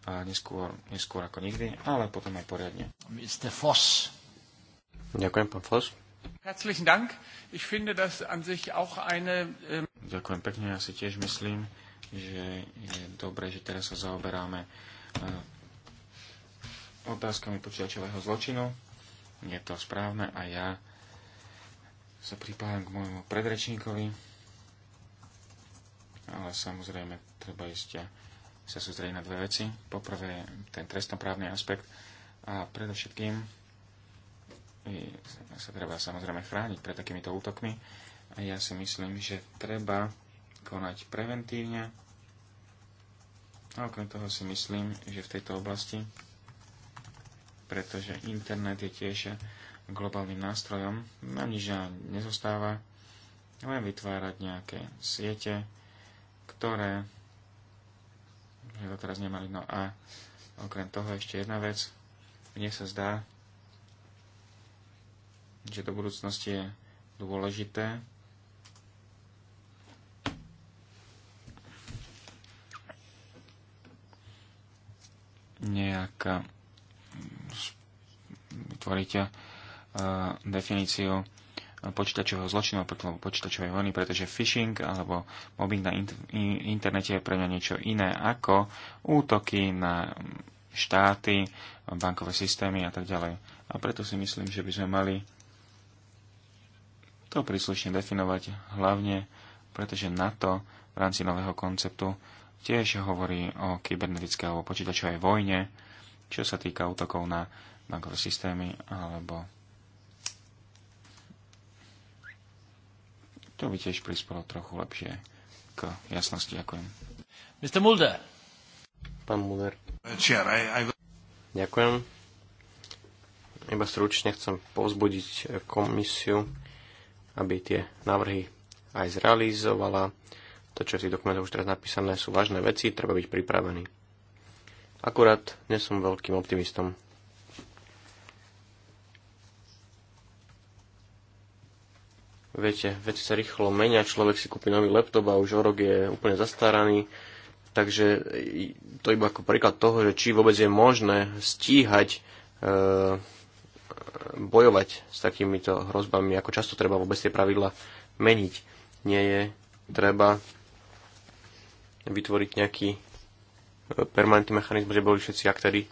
a neskôr, neskôr ako nikdy, ale potom aj poriadne. Mr. Foss. Ďakujem, pán Foss. Herzlichen Dank. Ich finde das an sich auch eine... Ähm, Ďakujem pekne, ja si tiež myslím, že je dobré, že teraz sa zaoberáme e, otázkami počítačového zločinu je to správne a ja sa pripájam k môjmu predrečníkovi, ale samozrejme treba a sa sústrediť na dve veci. Poprvé ten trestnoprávny aspekt a predovšetkým sa treba samozrejme chrániť pred takýmito útokmi a ja si myslím, že treba konať preventívne a okrem toho si myslím, že v tejto oblasti pretože internet je tiež globálnym nástrojom, na nič nezostáva, len vytvárať nejaké siete, ktoré že to teraz nemali. No a okrem toho ešte jedna vec, mne sa zdá, že do budúcnosti je dôležité nejaká vytvoriť e, definíciu počítačového zločinu alebo počítačovej vojny, pretože phishing alebo mobbing na internete je pre mňa niečo iné ako útoky na štáty, bankové systémy a tak ďalej. A preto si myslím, že by sme mali to príslušne definovať hlavne, pretože NATO v rámci nového konceptu tiež hovorí o kybernetickej alebo počítačovej vojne, čo sa týka útokov na bankové systémy alebo to by tiež prispelo trochu lepšie k jasnosti. Ďakujem. Mr. Mulder. Pán Mulder. Ďakujem. Iba stručne chcem povzbudiť komisiu, aby tie návrhy aj zrealizovala. To, čo je v tých dokumentoch už teraz napísané, sú vážne veci, treba byť pripravený. Akurát nie som veľkým optimistom Viete, veci sa rýchlo menia, človek si kúpi nový laptop a už o rok je úplne zastaraný. Takže to iba ako príklad toho, že či vôbec je možné stíhať e, bojovať s takýmito hrozbami, ako často treba vôbec tie pravidla meniť. Nie je treba vytvoriť nejaký e, permanentný mechanizmus, kde boli všetci aktéry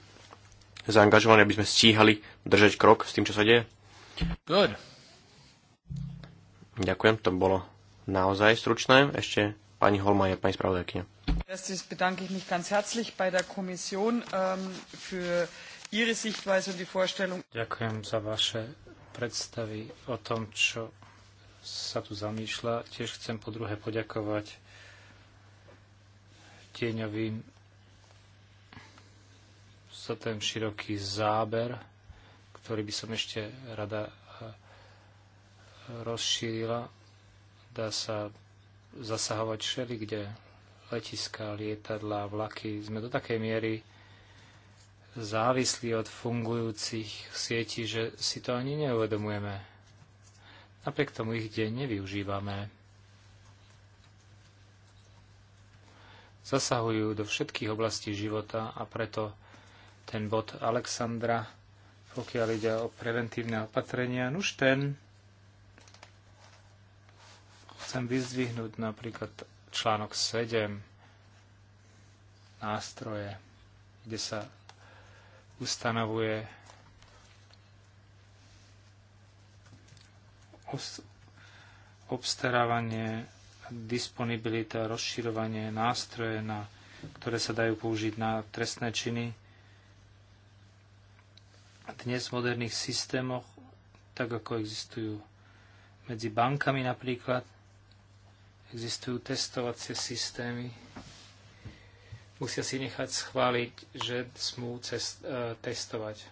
zaangažovaní, aby sme stíhali držať krok s tým, čo sa deje. Good. Ďakujem, to bolo naozaj stručné. Ešte pani Holmajer, pani spravodajkyňa. Erstens bedanke ich mich ganz herzlich bei der Kommission ähm, für ihre Sichtweise und die Vorstellung. Ďakujem za vaše predstavy o tom, čo sa tu zamýšľa. Tiež chcem po druhé poďakovať tieňovým za ten široký záber, ktorý by som ešte rada rozšírila. Dá sa zasahovať všeli, kde letiská, lietadla, vlaky. Sme do takej miery závislí od fungujúcich sietí, že si to ani neuvedomujeme. Napriek tomu ich deň nevyužívame. Zasahujú do všetkých oblastí života a preto ten bod Alexandra, pokiaľ ide o preventívne opatrenia, nuž ten Chcem vyzdvihnúť napríklad článok 7 nástroje, kde sa ustanovuje obstarávanie, disponibilita, rozširovanie nástroje, na, ktoré sa dajú použiť na trestné činy. Dnes v moderných systémoch, tak ako existujú medzi bankami napríklad, existujú testovacie systémy. Musia si nechať schváliť, že smú cest, e, testovať.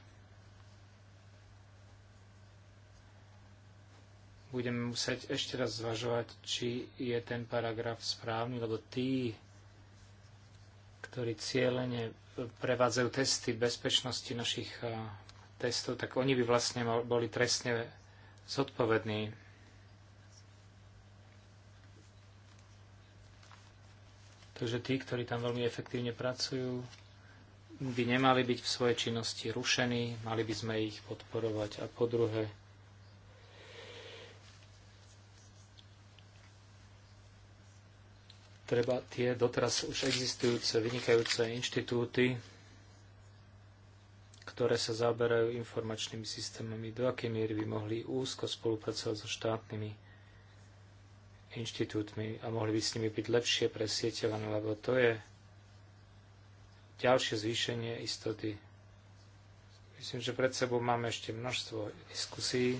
Budeme musieť ešte raz zvažovať, či je ten paragraf správny, lebo tí, ktorí cieľene prevádzajú testy bezpečnosti našich e, testov, tak oni by vlastne boli trestne zodpovední Takže tí, ktorí tam veľmi efektívne pracujú, by nemali byť v svojej činnosti rušení, mali by sme ich podporovať. A po druhé, treba tie doteraz už existujúce vynikajúce inštitúty, ktoré sa zaoberajú informačnými systémami, do akej miery by mohli úzko spolupracovať so štátnymi inštitútmi a mohli by s nimi byť lepšie presieteľané, lebo to je ďalšie zvýšenie istoty. Myslím, že pred sebou máme ešte množstvo diskusí.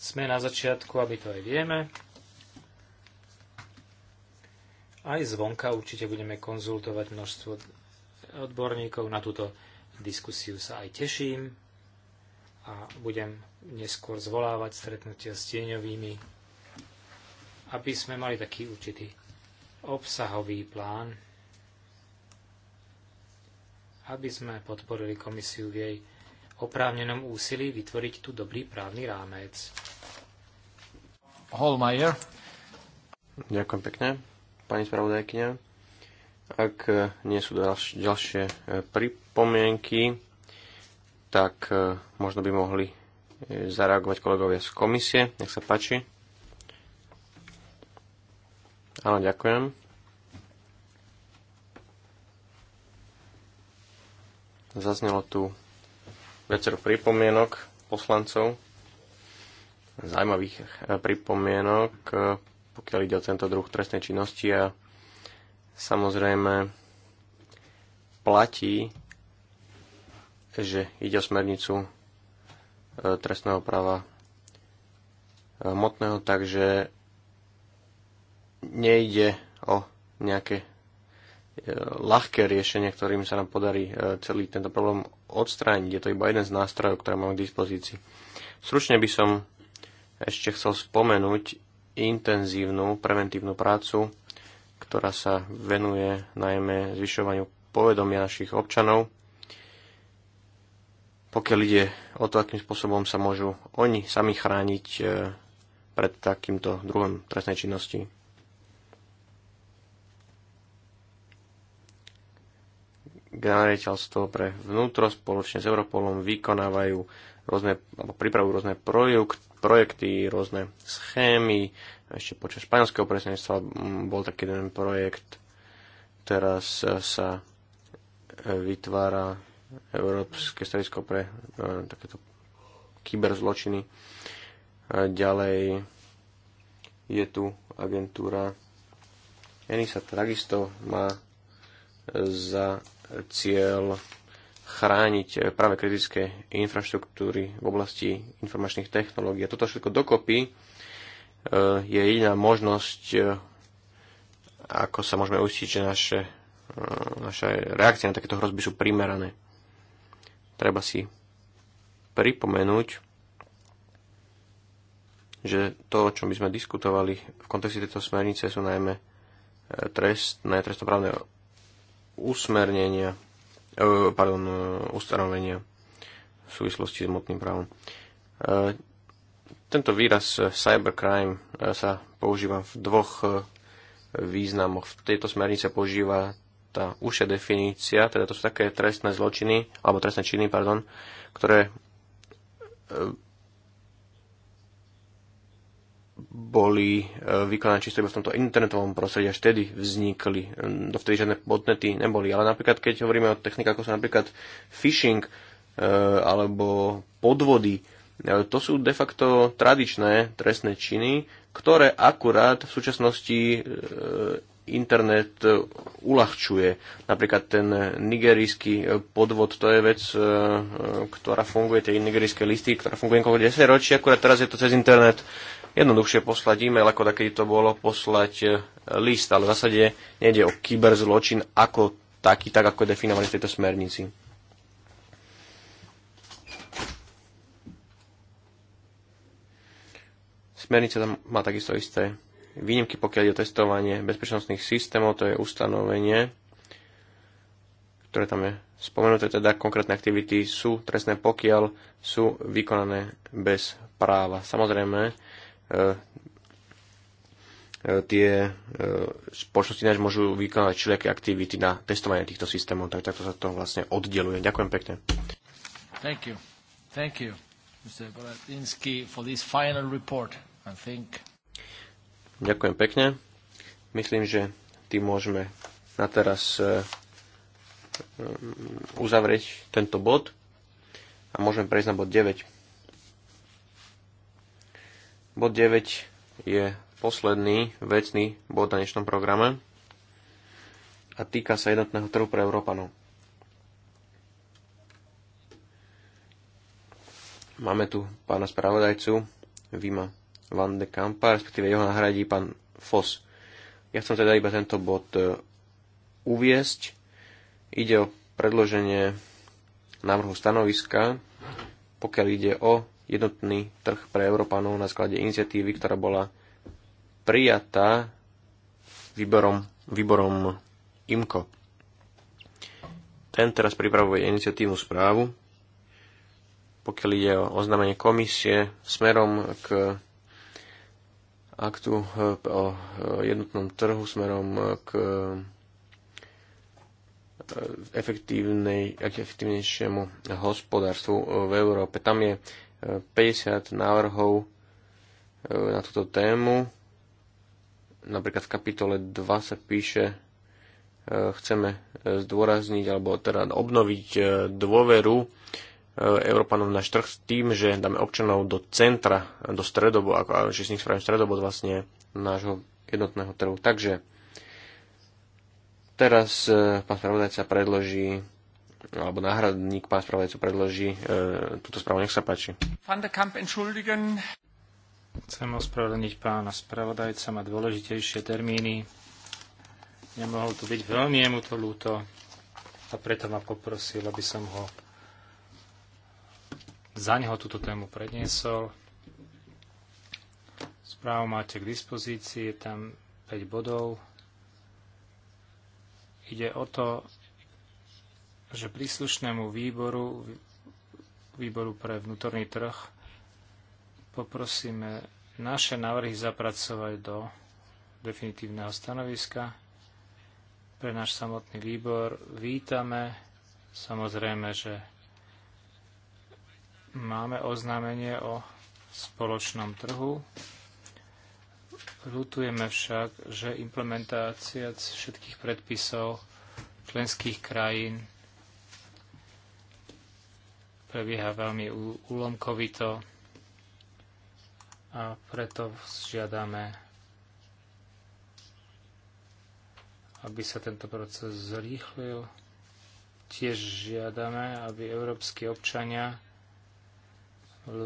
Sme na začiatku, aby to aj vieme. Aj zvonka určite budeme konzultovať množstvo odborníkov. Na túto diskusiu sa aj teším a budem neskôr zvolávať stretnutia s tieňovými aby sme mali taký určitý obsahový plán, aby sme podporili komisiu v jej oprávnenom úsilí vytvoriť tu dobrý právny rámec. Holmeier. Ďakujem pekne, pani spravodajkyňa. Ak nie sú ďalš- ďalšie e, pripomienky, tak e, možno by mohli e, zareagovať kolegovia z komisie. Nech sa páči. Áno, ďakujem. Zaznelo tu viacero pripomienok poslancov, zaujímavých eh, pripomienok, eh, pokiaľ ide o tento druh trestnej činnosti a samozrejme platí, že ide o smernicu eh, trestného práva hmotného, takže nejde o nejaké e, ľahké riešenie, ktorým sa nám podarí e, celý tento problém odstrániť. Je to iba jeden z nástrojov, ktoré máme k dispozícii. Stručne by som ešte chcel spomenúť intenzívnu preventívnu prácu, ktorá sa venuje najmä zvyšovaniu povedomia našich občanov, pokiaľ ide o to, akým spôsobom sa môžu oni sami chrániť e, pred takýmto druhom trestnej činnosti. generálne pre vnútro spoločne s Europolom vykonávajú rôzne, alebo pripravujú rôzne projekt, projekty, rôzne schémy. Ešte počas španielského predsedníctva bol taký jeden projekt. Teraz sa vytvára Európske stredisko pre e, takéto kyberzločiny. E, ďalej je tu agentúra ENISA takisto má za cieľ chrániť práve kritické infraštruktúry v oblasti informačných technológií. A toto všetko dokopy e, je jediná možnosť, e, ako sa môžeme uistiť, že naše, e, naše reakcie na takéto hrozby sú primerané. Treba si pripomenúť, že to, o čom by sme diskutovali v kontexte tejto smernice, sú najmä trestné, trestnoprávne usmernenia, e, pardon, e, ustanovenia v súvislosti s motným právom. E, tento výraz cybercrime sa používa v dvoch významoch. V tejto smernice používa tá užšia definícia, teda to sú také trestné zločiny, alebo trestné činy, pardon, ktoré boli e, vykonané čisto iba v tomto internetovom prostredí, až vtedy vznikli. E, dovtedy žiadne podnety neboli. Ale napríklad, keď hovoríme o technikách, ako sú napríklad phishing e, alebo podvody, to sú de facto tradičné trestné činy, ktoré akurát v súčasnosti internet uľahčuje. Napríklad ten nigerijský podvod, to je vec, ktorá funguje, tie nigerijské listy, ktorá funguje niekoľko 10 ročí, akurát teraz je to cez internet jednoduchšie poslať e-mail, ako takedy to bolo poslať e, list, ale v zásade nejde o kyberzločin ako taký, tak ako je definovaný v tejto smernici. Smernica tam má takisto isté výnimky, pokiaľ ide o testovanie bezpečnostných systémov, to je ustanovenie, ktoré tam je spomenuté, teda konkrétne aktivity sú trestné, pokiaľ sú vykonané bez práva. Samozrejme, E, e, tie e, spoločnosti náš môžu vykonávať všelijaké aktivity na testovanie týchto systémov, tak takto sa to vlastne oddeluje. Ďakujem pekne. Thank you. Thank you, Mr. Boletinsky, for this final report. I think... Ďakujem pekne. Myslím, že tým môžeme na teraz uzavrieť tento bod a môžeme prejsť na bod 9. Bod 9 je posledný vecný bod na dnešnom programe a týka sa jednotného trhu pre Európanov. Máme tu pána spravodajcu Vima Van de Kampa, respektíve jeho nahradí pán Foss. Ja chcem teda iba tento bod e, uviesť. Ide o predloženie návrhu stanoviska, pokiaľ ide o jednotný trh pre Európanov na sklade iniciatívy, ktorá bola prijatá výborom, výborom IMCO. Ten teraz pripravuje iniciatívnu správu, pokiaľ ide o oznámenie komisie smerom k aktu eh, o eh, jednotnom trhu, smerom k eh, efektívnejšiemu hospodárstvu v Európe. Tam je 50 návrhov e, na túto tému. Napríklad v kapitole 2 sa píše, e, chceme zdôrazniť alebo teda obnoviť e, dôveru Európanov na náš trh s tým, že dáme občanov do centra, do stredobu, ako, že s nich spravím stredobod vlastne nášho jednotného trhu. Takže teraz pán spravodajca predloží alebo náhradník pán spravodajca, predloží e, túto správu. Nech sa páči. Van de Kamp, entschuldigen. Chcem ospravedlniť pána spravodajca, má dôležitejšie termíny. Nemohol tu byť veľmi, jemu to ľúto a preto ma poprosil, aby som ho za neho túto tému predniesol. Správu máte k dispozícii, je tam 5 bodov. Ide o to, že príslušnému výboru, výboru pre vnútorný trh, poprosíme naše návrhy zapracovať do definitívneho stanoviska. Pre náš samotný výbor vítame. Samozrejme, že máme oznámenie o spoločnom trhu. Lutujeme však, že implementácia všetkých predpisov členských krajín prebieha veľmi úlomkovito a preto žiadame, aby sa tento proces zrýchlil. Tiež žiadame, aby európsky občania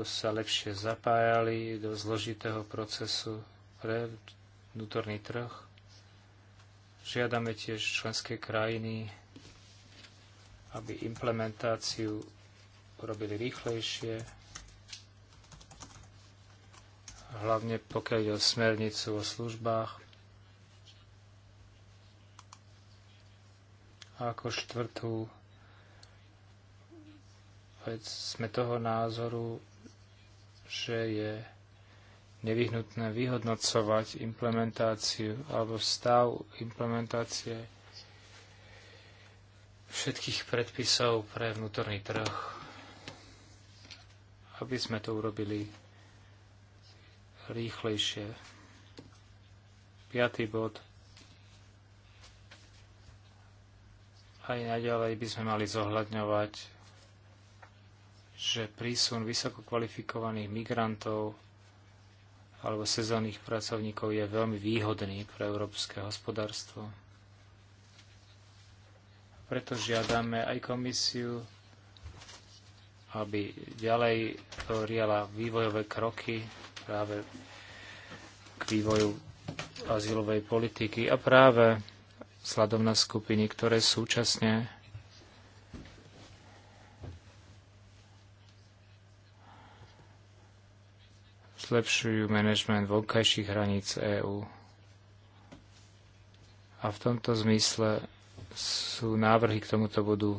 sa lepšie zapájali do zložitého procesu pre vnútorný trh. Žiadame tiež členské krajiny, aby implementáciu urobili rýchlejšie, hlavne pokiaľ ide o smernicu o službách. A ako štvrtú vec sme toho názoru, že je nevyhnutné vyhodnocovať implementáciu alebo stav implementácie všetkých predpisov pre vnútorný trh aby sme to urobili rýchlejšie. Piatý bod. Aj naďalej by sme mali zohľadňovať, že prísun vysoko kvalifikovaných migrantov alebo sezónnych pracovníkov je veľmi výhodný pre európske hospodárstvo. Preto žiadame aj komisiu, aby ďalej riala vývojové kroky práve k vývoju azylovej politiky a práve sladom na skupiny, ktoré súčasne zlepšujú manažment vonkajších hraníc EÚ. A v tomto zmysle sú návrhy k tomuto budú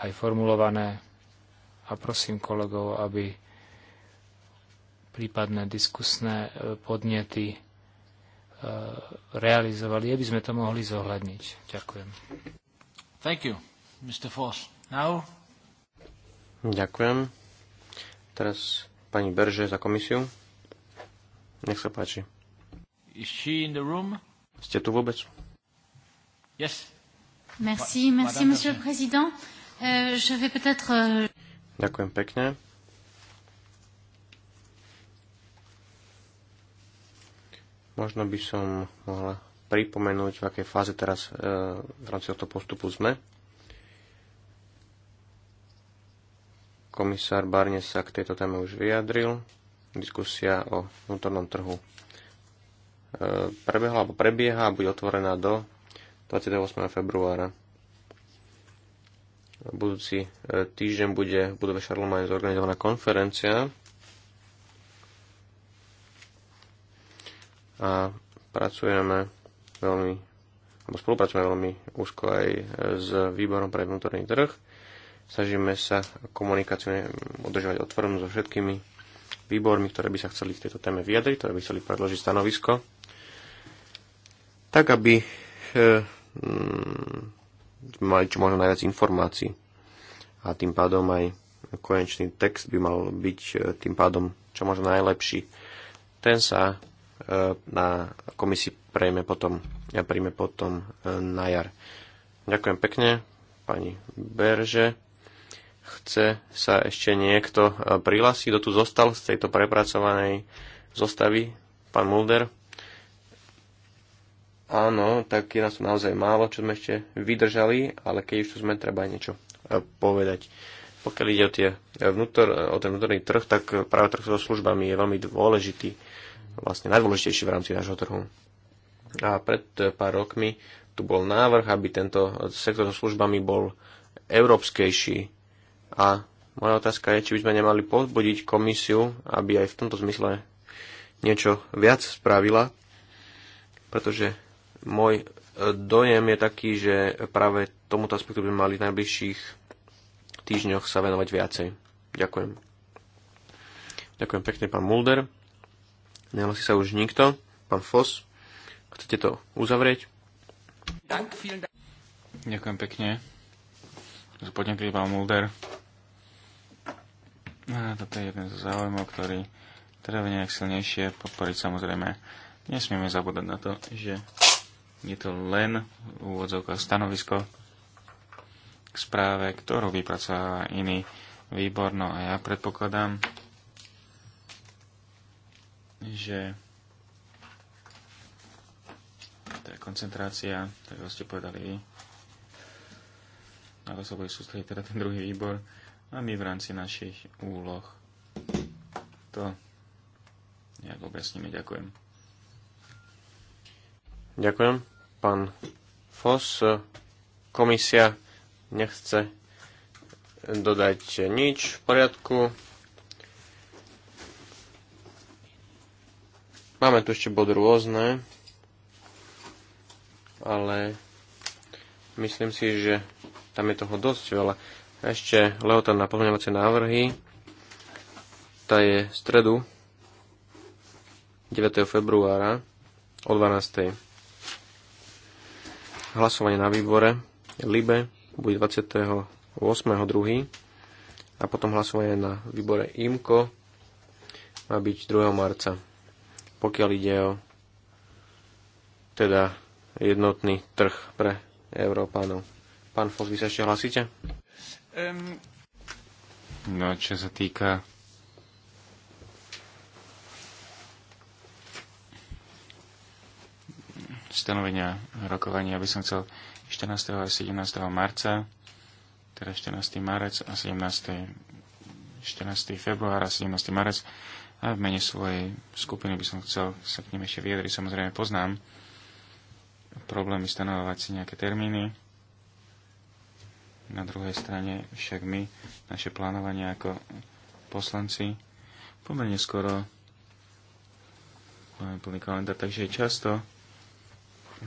aj formulované a prosím kolegov, aby prípadné diskusné e, podnety e, realizovali, aby sme to mohli zohľadniť. Ďakujem. Thank you, Mr. Foss. Now... Ďakujem. Teraz pani Berže za komisiu. Nech sa páči. Is she in the room? Ste tu vôbec? Yes. Merci, merci, monsieur le président. Euh, je vais peut-être... Euh... Ďakujem pekne. Možno by som mohla pripomenúť, v akej fáze teraz e, v rámci tohto postupu sme. Komisár Barne sa k tejto téme už vyjadril. Diskusia o vnútornom trhu e, prebehla alebo prebieha a bude otvorená do 28. februára budúci e, týždeň bude v budove Charlemagne zorganizovaná konferencia a pracujeme veľmi, alebo spolupracujeme veľmi úzko aj e, s výborom pre vnútorný trh. Snažíme sa komunikáciu udržovať otvorenú so všetkými výbormi, ktoré by sa chceli k tejto téme vyjadriť, ktoré by chceli predložiť stanovisko, tak aby e, mali čo možno najviac informácií. A tým pádom aj konečný text by mal byť e, tým pádom čo možno najlepší. Ten sa e, na komisii prejme potom, ja e, príjme potom na jar. Ďakujem pekne, pani Berže. Chce sa ešte niekto prihlásiť, kto tu zostal z tejto prepracovanej zostavy? Pán Mulder áno, tak je nás naozaj málo, čo sme ešte vydržali, ale keď už tu sme, treba aj niečo e, povedať. Pokiaľ ide o, tie vnútor, o ten vnútorný trh, tak práve trh so službami je veľmi dôležitý, vlastne najdôležitejší v rámci nášho trhu. A pred pár rokmi tu bol návrh, aby tento sektor so službami bol európskejší. A moja otázka je, či by sme nemali pozbudiť komisiu, aby aj v tomto zmysle niečo viac spravila, pretože môj e, dojem je taký, že práve tomuto aspektu by mali v najbližších týždňoch sa venovať viacej. Ďakujem. Ďakujem pekne, pán Mulder. Nehlasí sa už nikto. Pán Foss, chcete to uzavrieť? Ďakujem pekne. Podnetý pán Mulder. A toto je jeden z záujmov, ktorý treba nejak silnejšie podporiť samozrejme. Nesmieme zabúdať na to, že je to len úvodzovka stanovisko k správe, ktorú vypracováva iný výbor. No a ja predpokladám, že tá koncentrácia, tak ako ste povedali vy, na to sa bude sústrediť teda ten druhý výbor a my v rámci našich úloh to nejak objasníme. Ďakujem. Ďakujem. Pán Fos, komisia nechce dodať nič v poriadku. Máme tu ešte bod rôzne, ale myslím si, že tam je toho dosť veľa. Ešte lehota na pozmeňovacie návrhy. Tá je v stredu 9. februára o 12. Hlasovanie na výbore LIBE bude 28.2. a potom hlasovanie na výbore IMKO má byť 2. marca. Pokiaľ ide o teda jednotný trh pre Európanov. Pán Fos, vy sa ešte hlasíte? Um... No, čo sa týka stanovenia rokovania by som chcel 14. a 17. marca, teda 14. marec a 17. 14. február a 17. marec. A v mene svojej skupiny by som chcel sa k ním ešte vyjadriť. Samozrejme poznám problémy stanovovať si nejaké termíny. Na druhej strane však my, naše plánovanie ako poslanci, pomerne skoro máme plný kalendár, takže často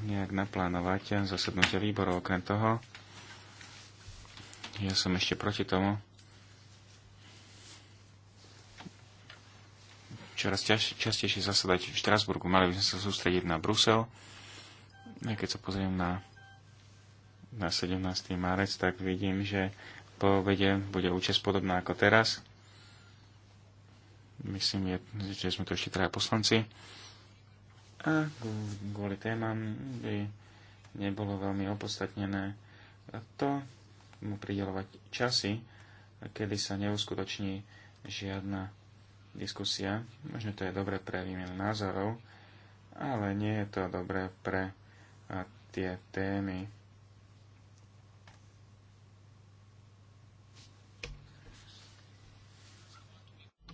nejak naplánovať zasadnutie výborov. Okrem toho, ja som ešte proti tomu, čoraz častejšie zasadať v Štrasburgu. Mali by sme sa sústrediť na Brusel. A keď sa pozriem na, na 17. marec, tak vidím, že po obede bude účasť podobná ako teraz. Myslím, že sme to ešte traja poslanci a kvôli témam by nebolo veľmi opodstatnené to mu pridelovať časy, kedy sa neuskutoční žiadna diskusia. Možno to je dobré pre výmenu názorov, ale nie je to dobré pre tie témy.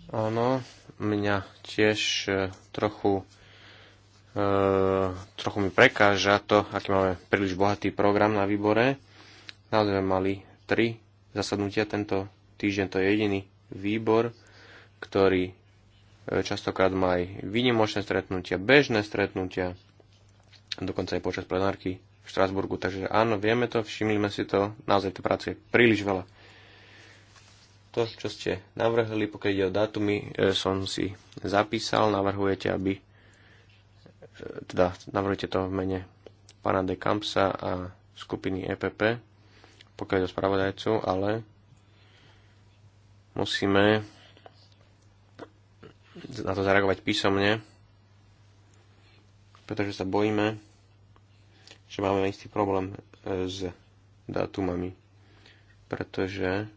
Áno, mňa tiež e, trochu E, trochu mi prekáža to, aký máme príliš bohatý program na výbore. Naozaj sme mali tri zasadnutia tento týždeň, to je jediný výbor, ktorý e, častokrát má aj výnimočné stretnutia, bežné stretnutia, dokonca aj počas plenárky v Štrásburgu. Takže áno, vieme to, všimli sme si to, naozaj to pracuje príliš veľa. To, čo ste navrhli, pokiaľ ide o dátumy, e, som si zapísal, navrhujete, aby teda navrhujte to v mene pána de Kampsa a skupiny EPP, pokiaľ je o spravodajcu, ale musíme na to zareagovať písomne, pretože sa bojíme, že máme istý problém e, s dátumami, pretože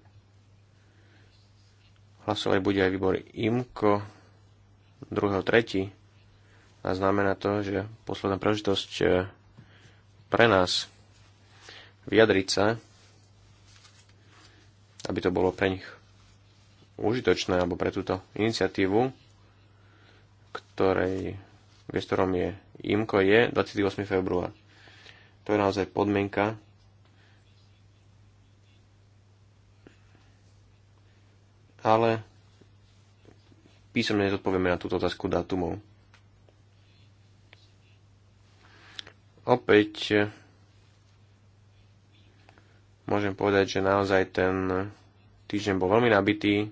hlasovať bude aj výbor IMKO 2.3 a znamená to, že posledná prežitosť eh, pre nás vyjadriť sa, aby to bolo pre nich užitočné alebo pre túto iniciatívu, ktorej gestorom je IMKO, je 28. február. To je naozaj podmienka ale písomne nezodpovieme na túto otázku dátumov. opäť môžem povedať, že naozaj ten týždeň bol veľmi nabitý,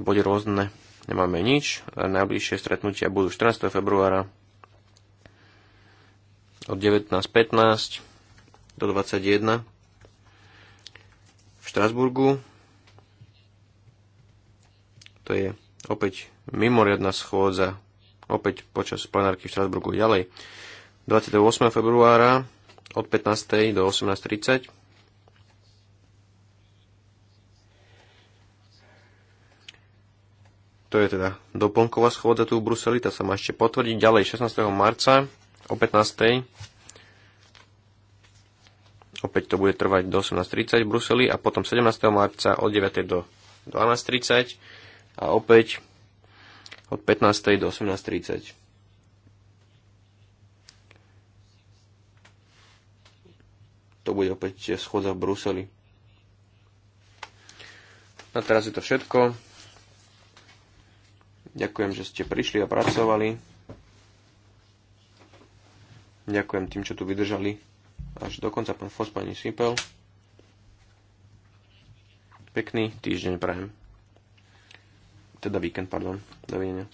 boli rôzne, nemáme nič. Najbližšie stretnutia budú 14. februára od 19.15 do 21 v Štrasburgu. To je opäť mimoriadná schôdza, opäť počas plenárky v Štrasburgu ďalej. 28. februára od 15. do 18.30. To je teda doplnková schôdza tu v Bruseli, tá sa má ešte potvrdiť. Ďalej 16. marca o 15. Opäť to bude trvať do 18.30 v Bruseli a potom 17. marca od 9. do 12.30 a opäť od 15. do 18.30. to bude opäť schôdza v Bruseli. Na teraz je to všetko. Ďakujem, že ste prišli a pracovali. Ďakujem tým, čo tu vydržali. Až dokonca pán Fos, pani Sipel. Pekný týždeň prajem. Teda víkend, pardon. Dovidenia.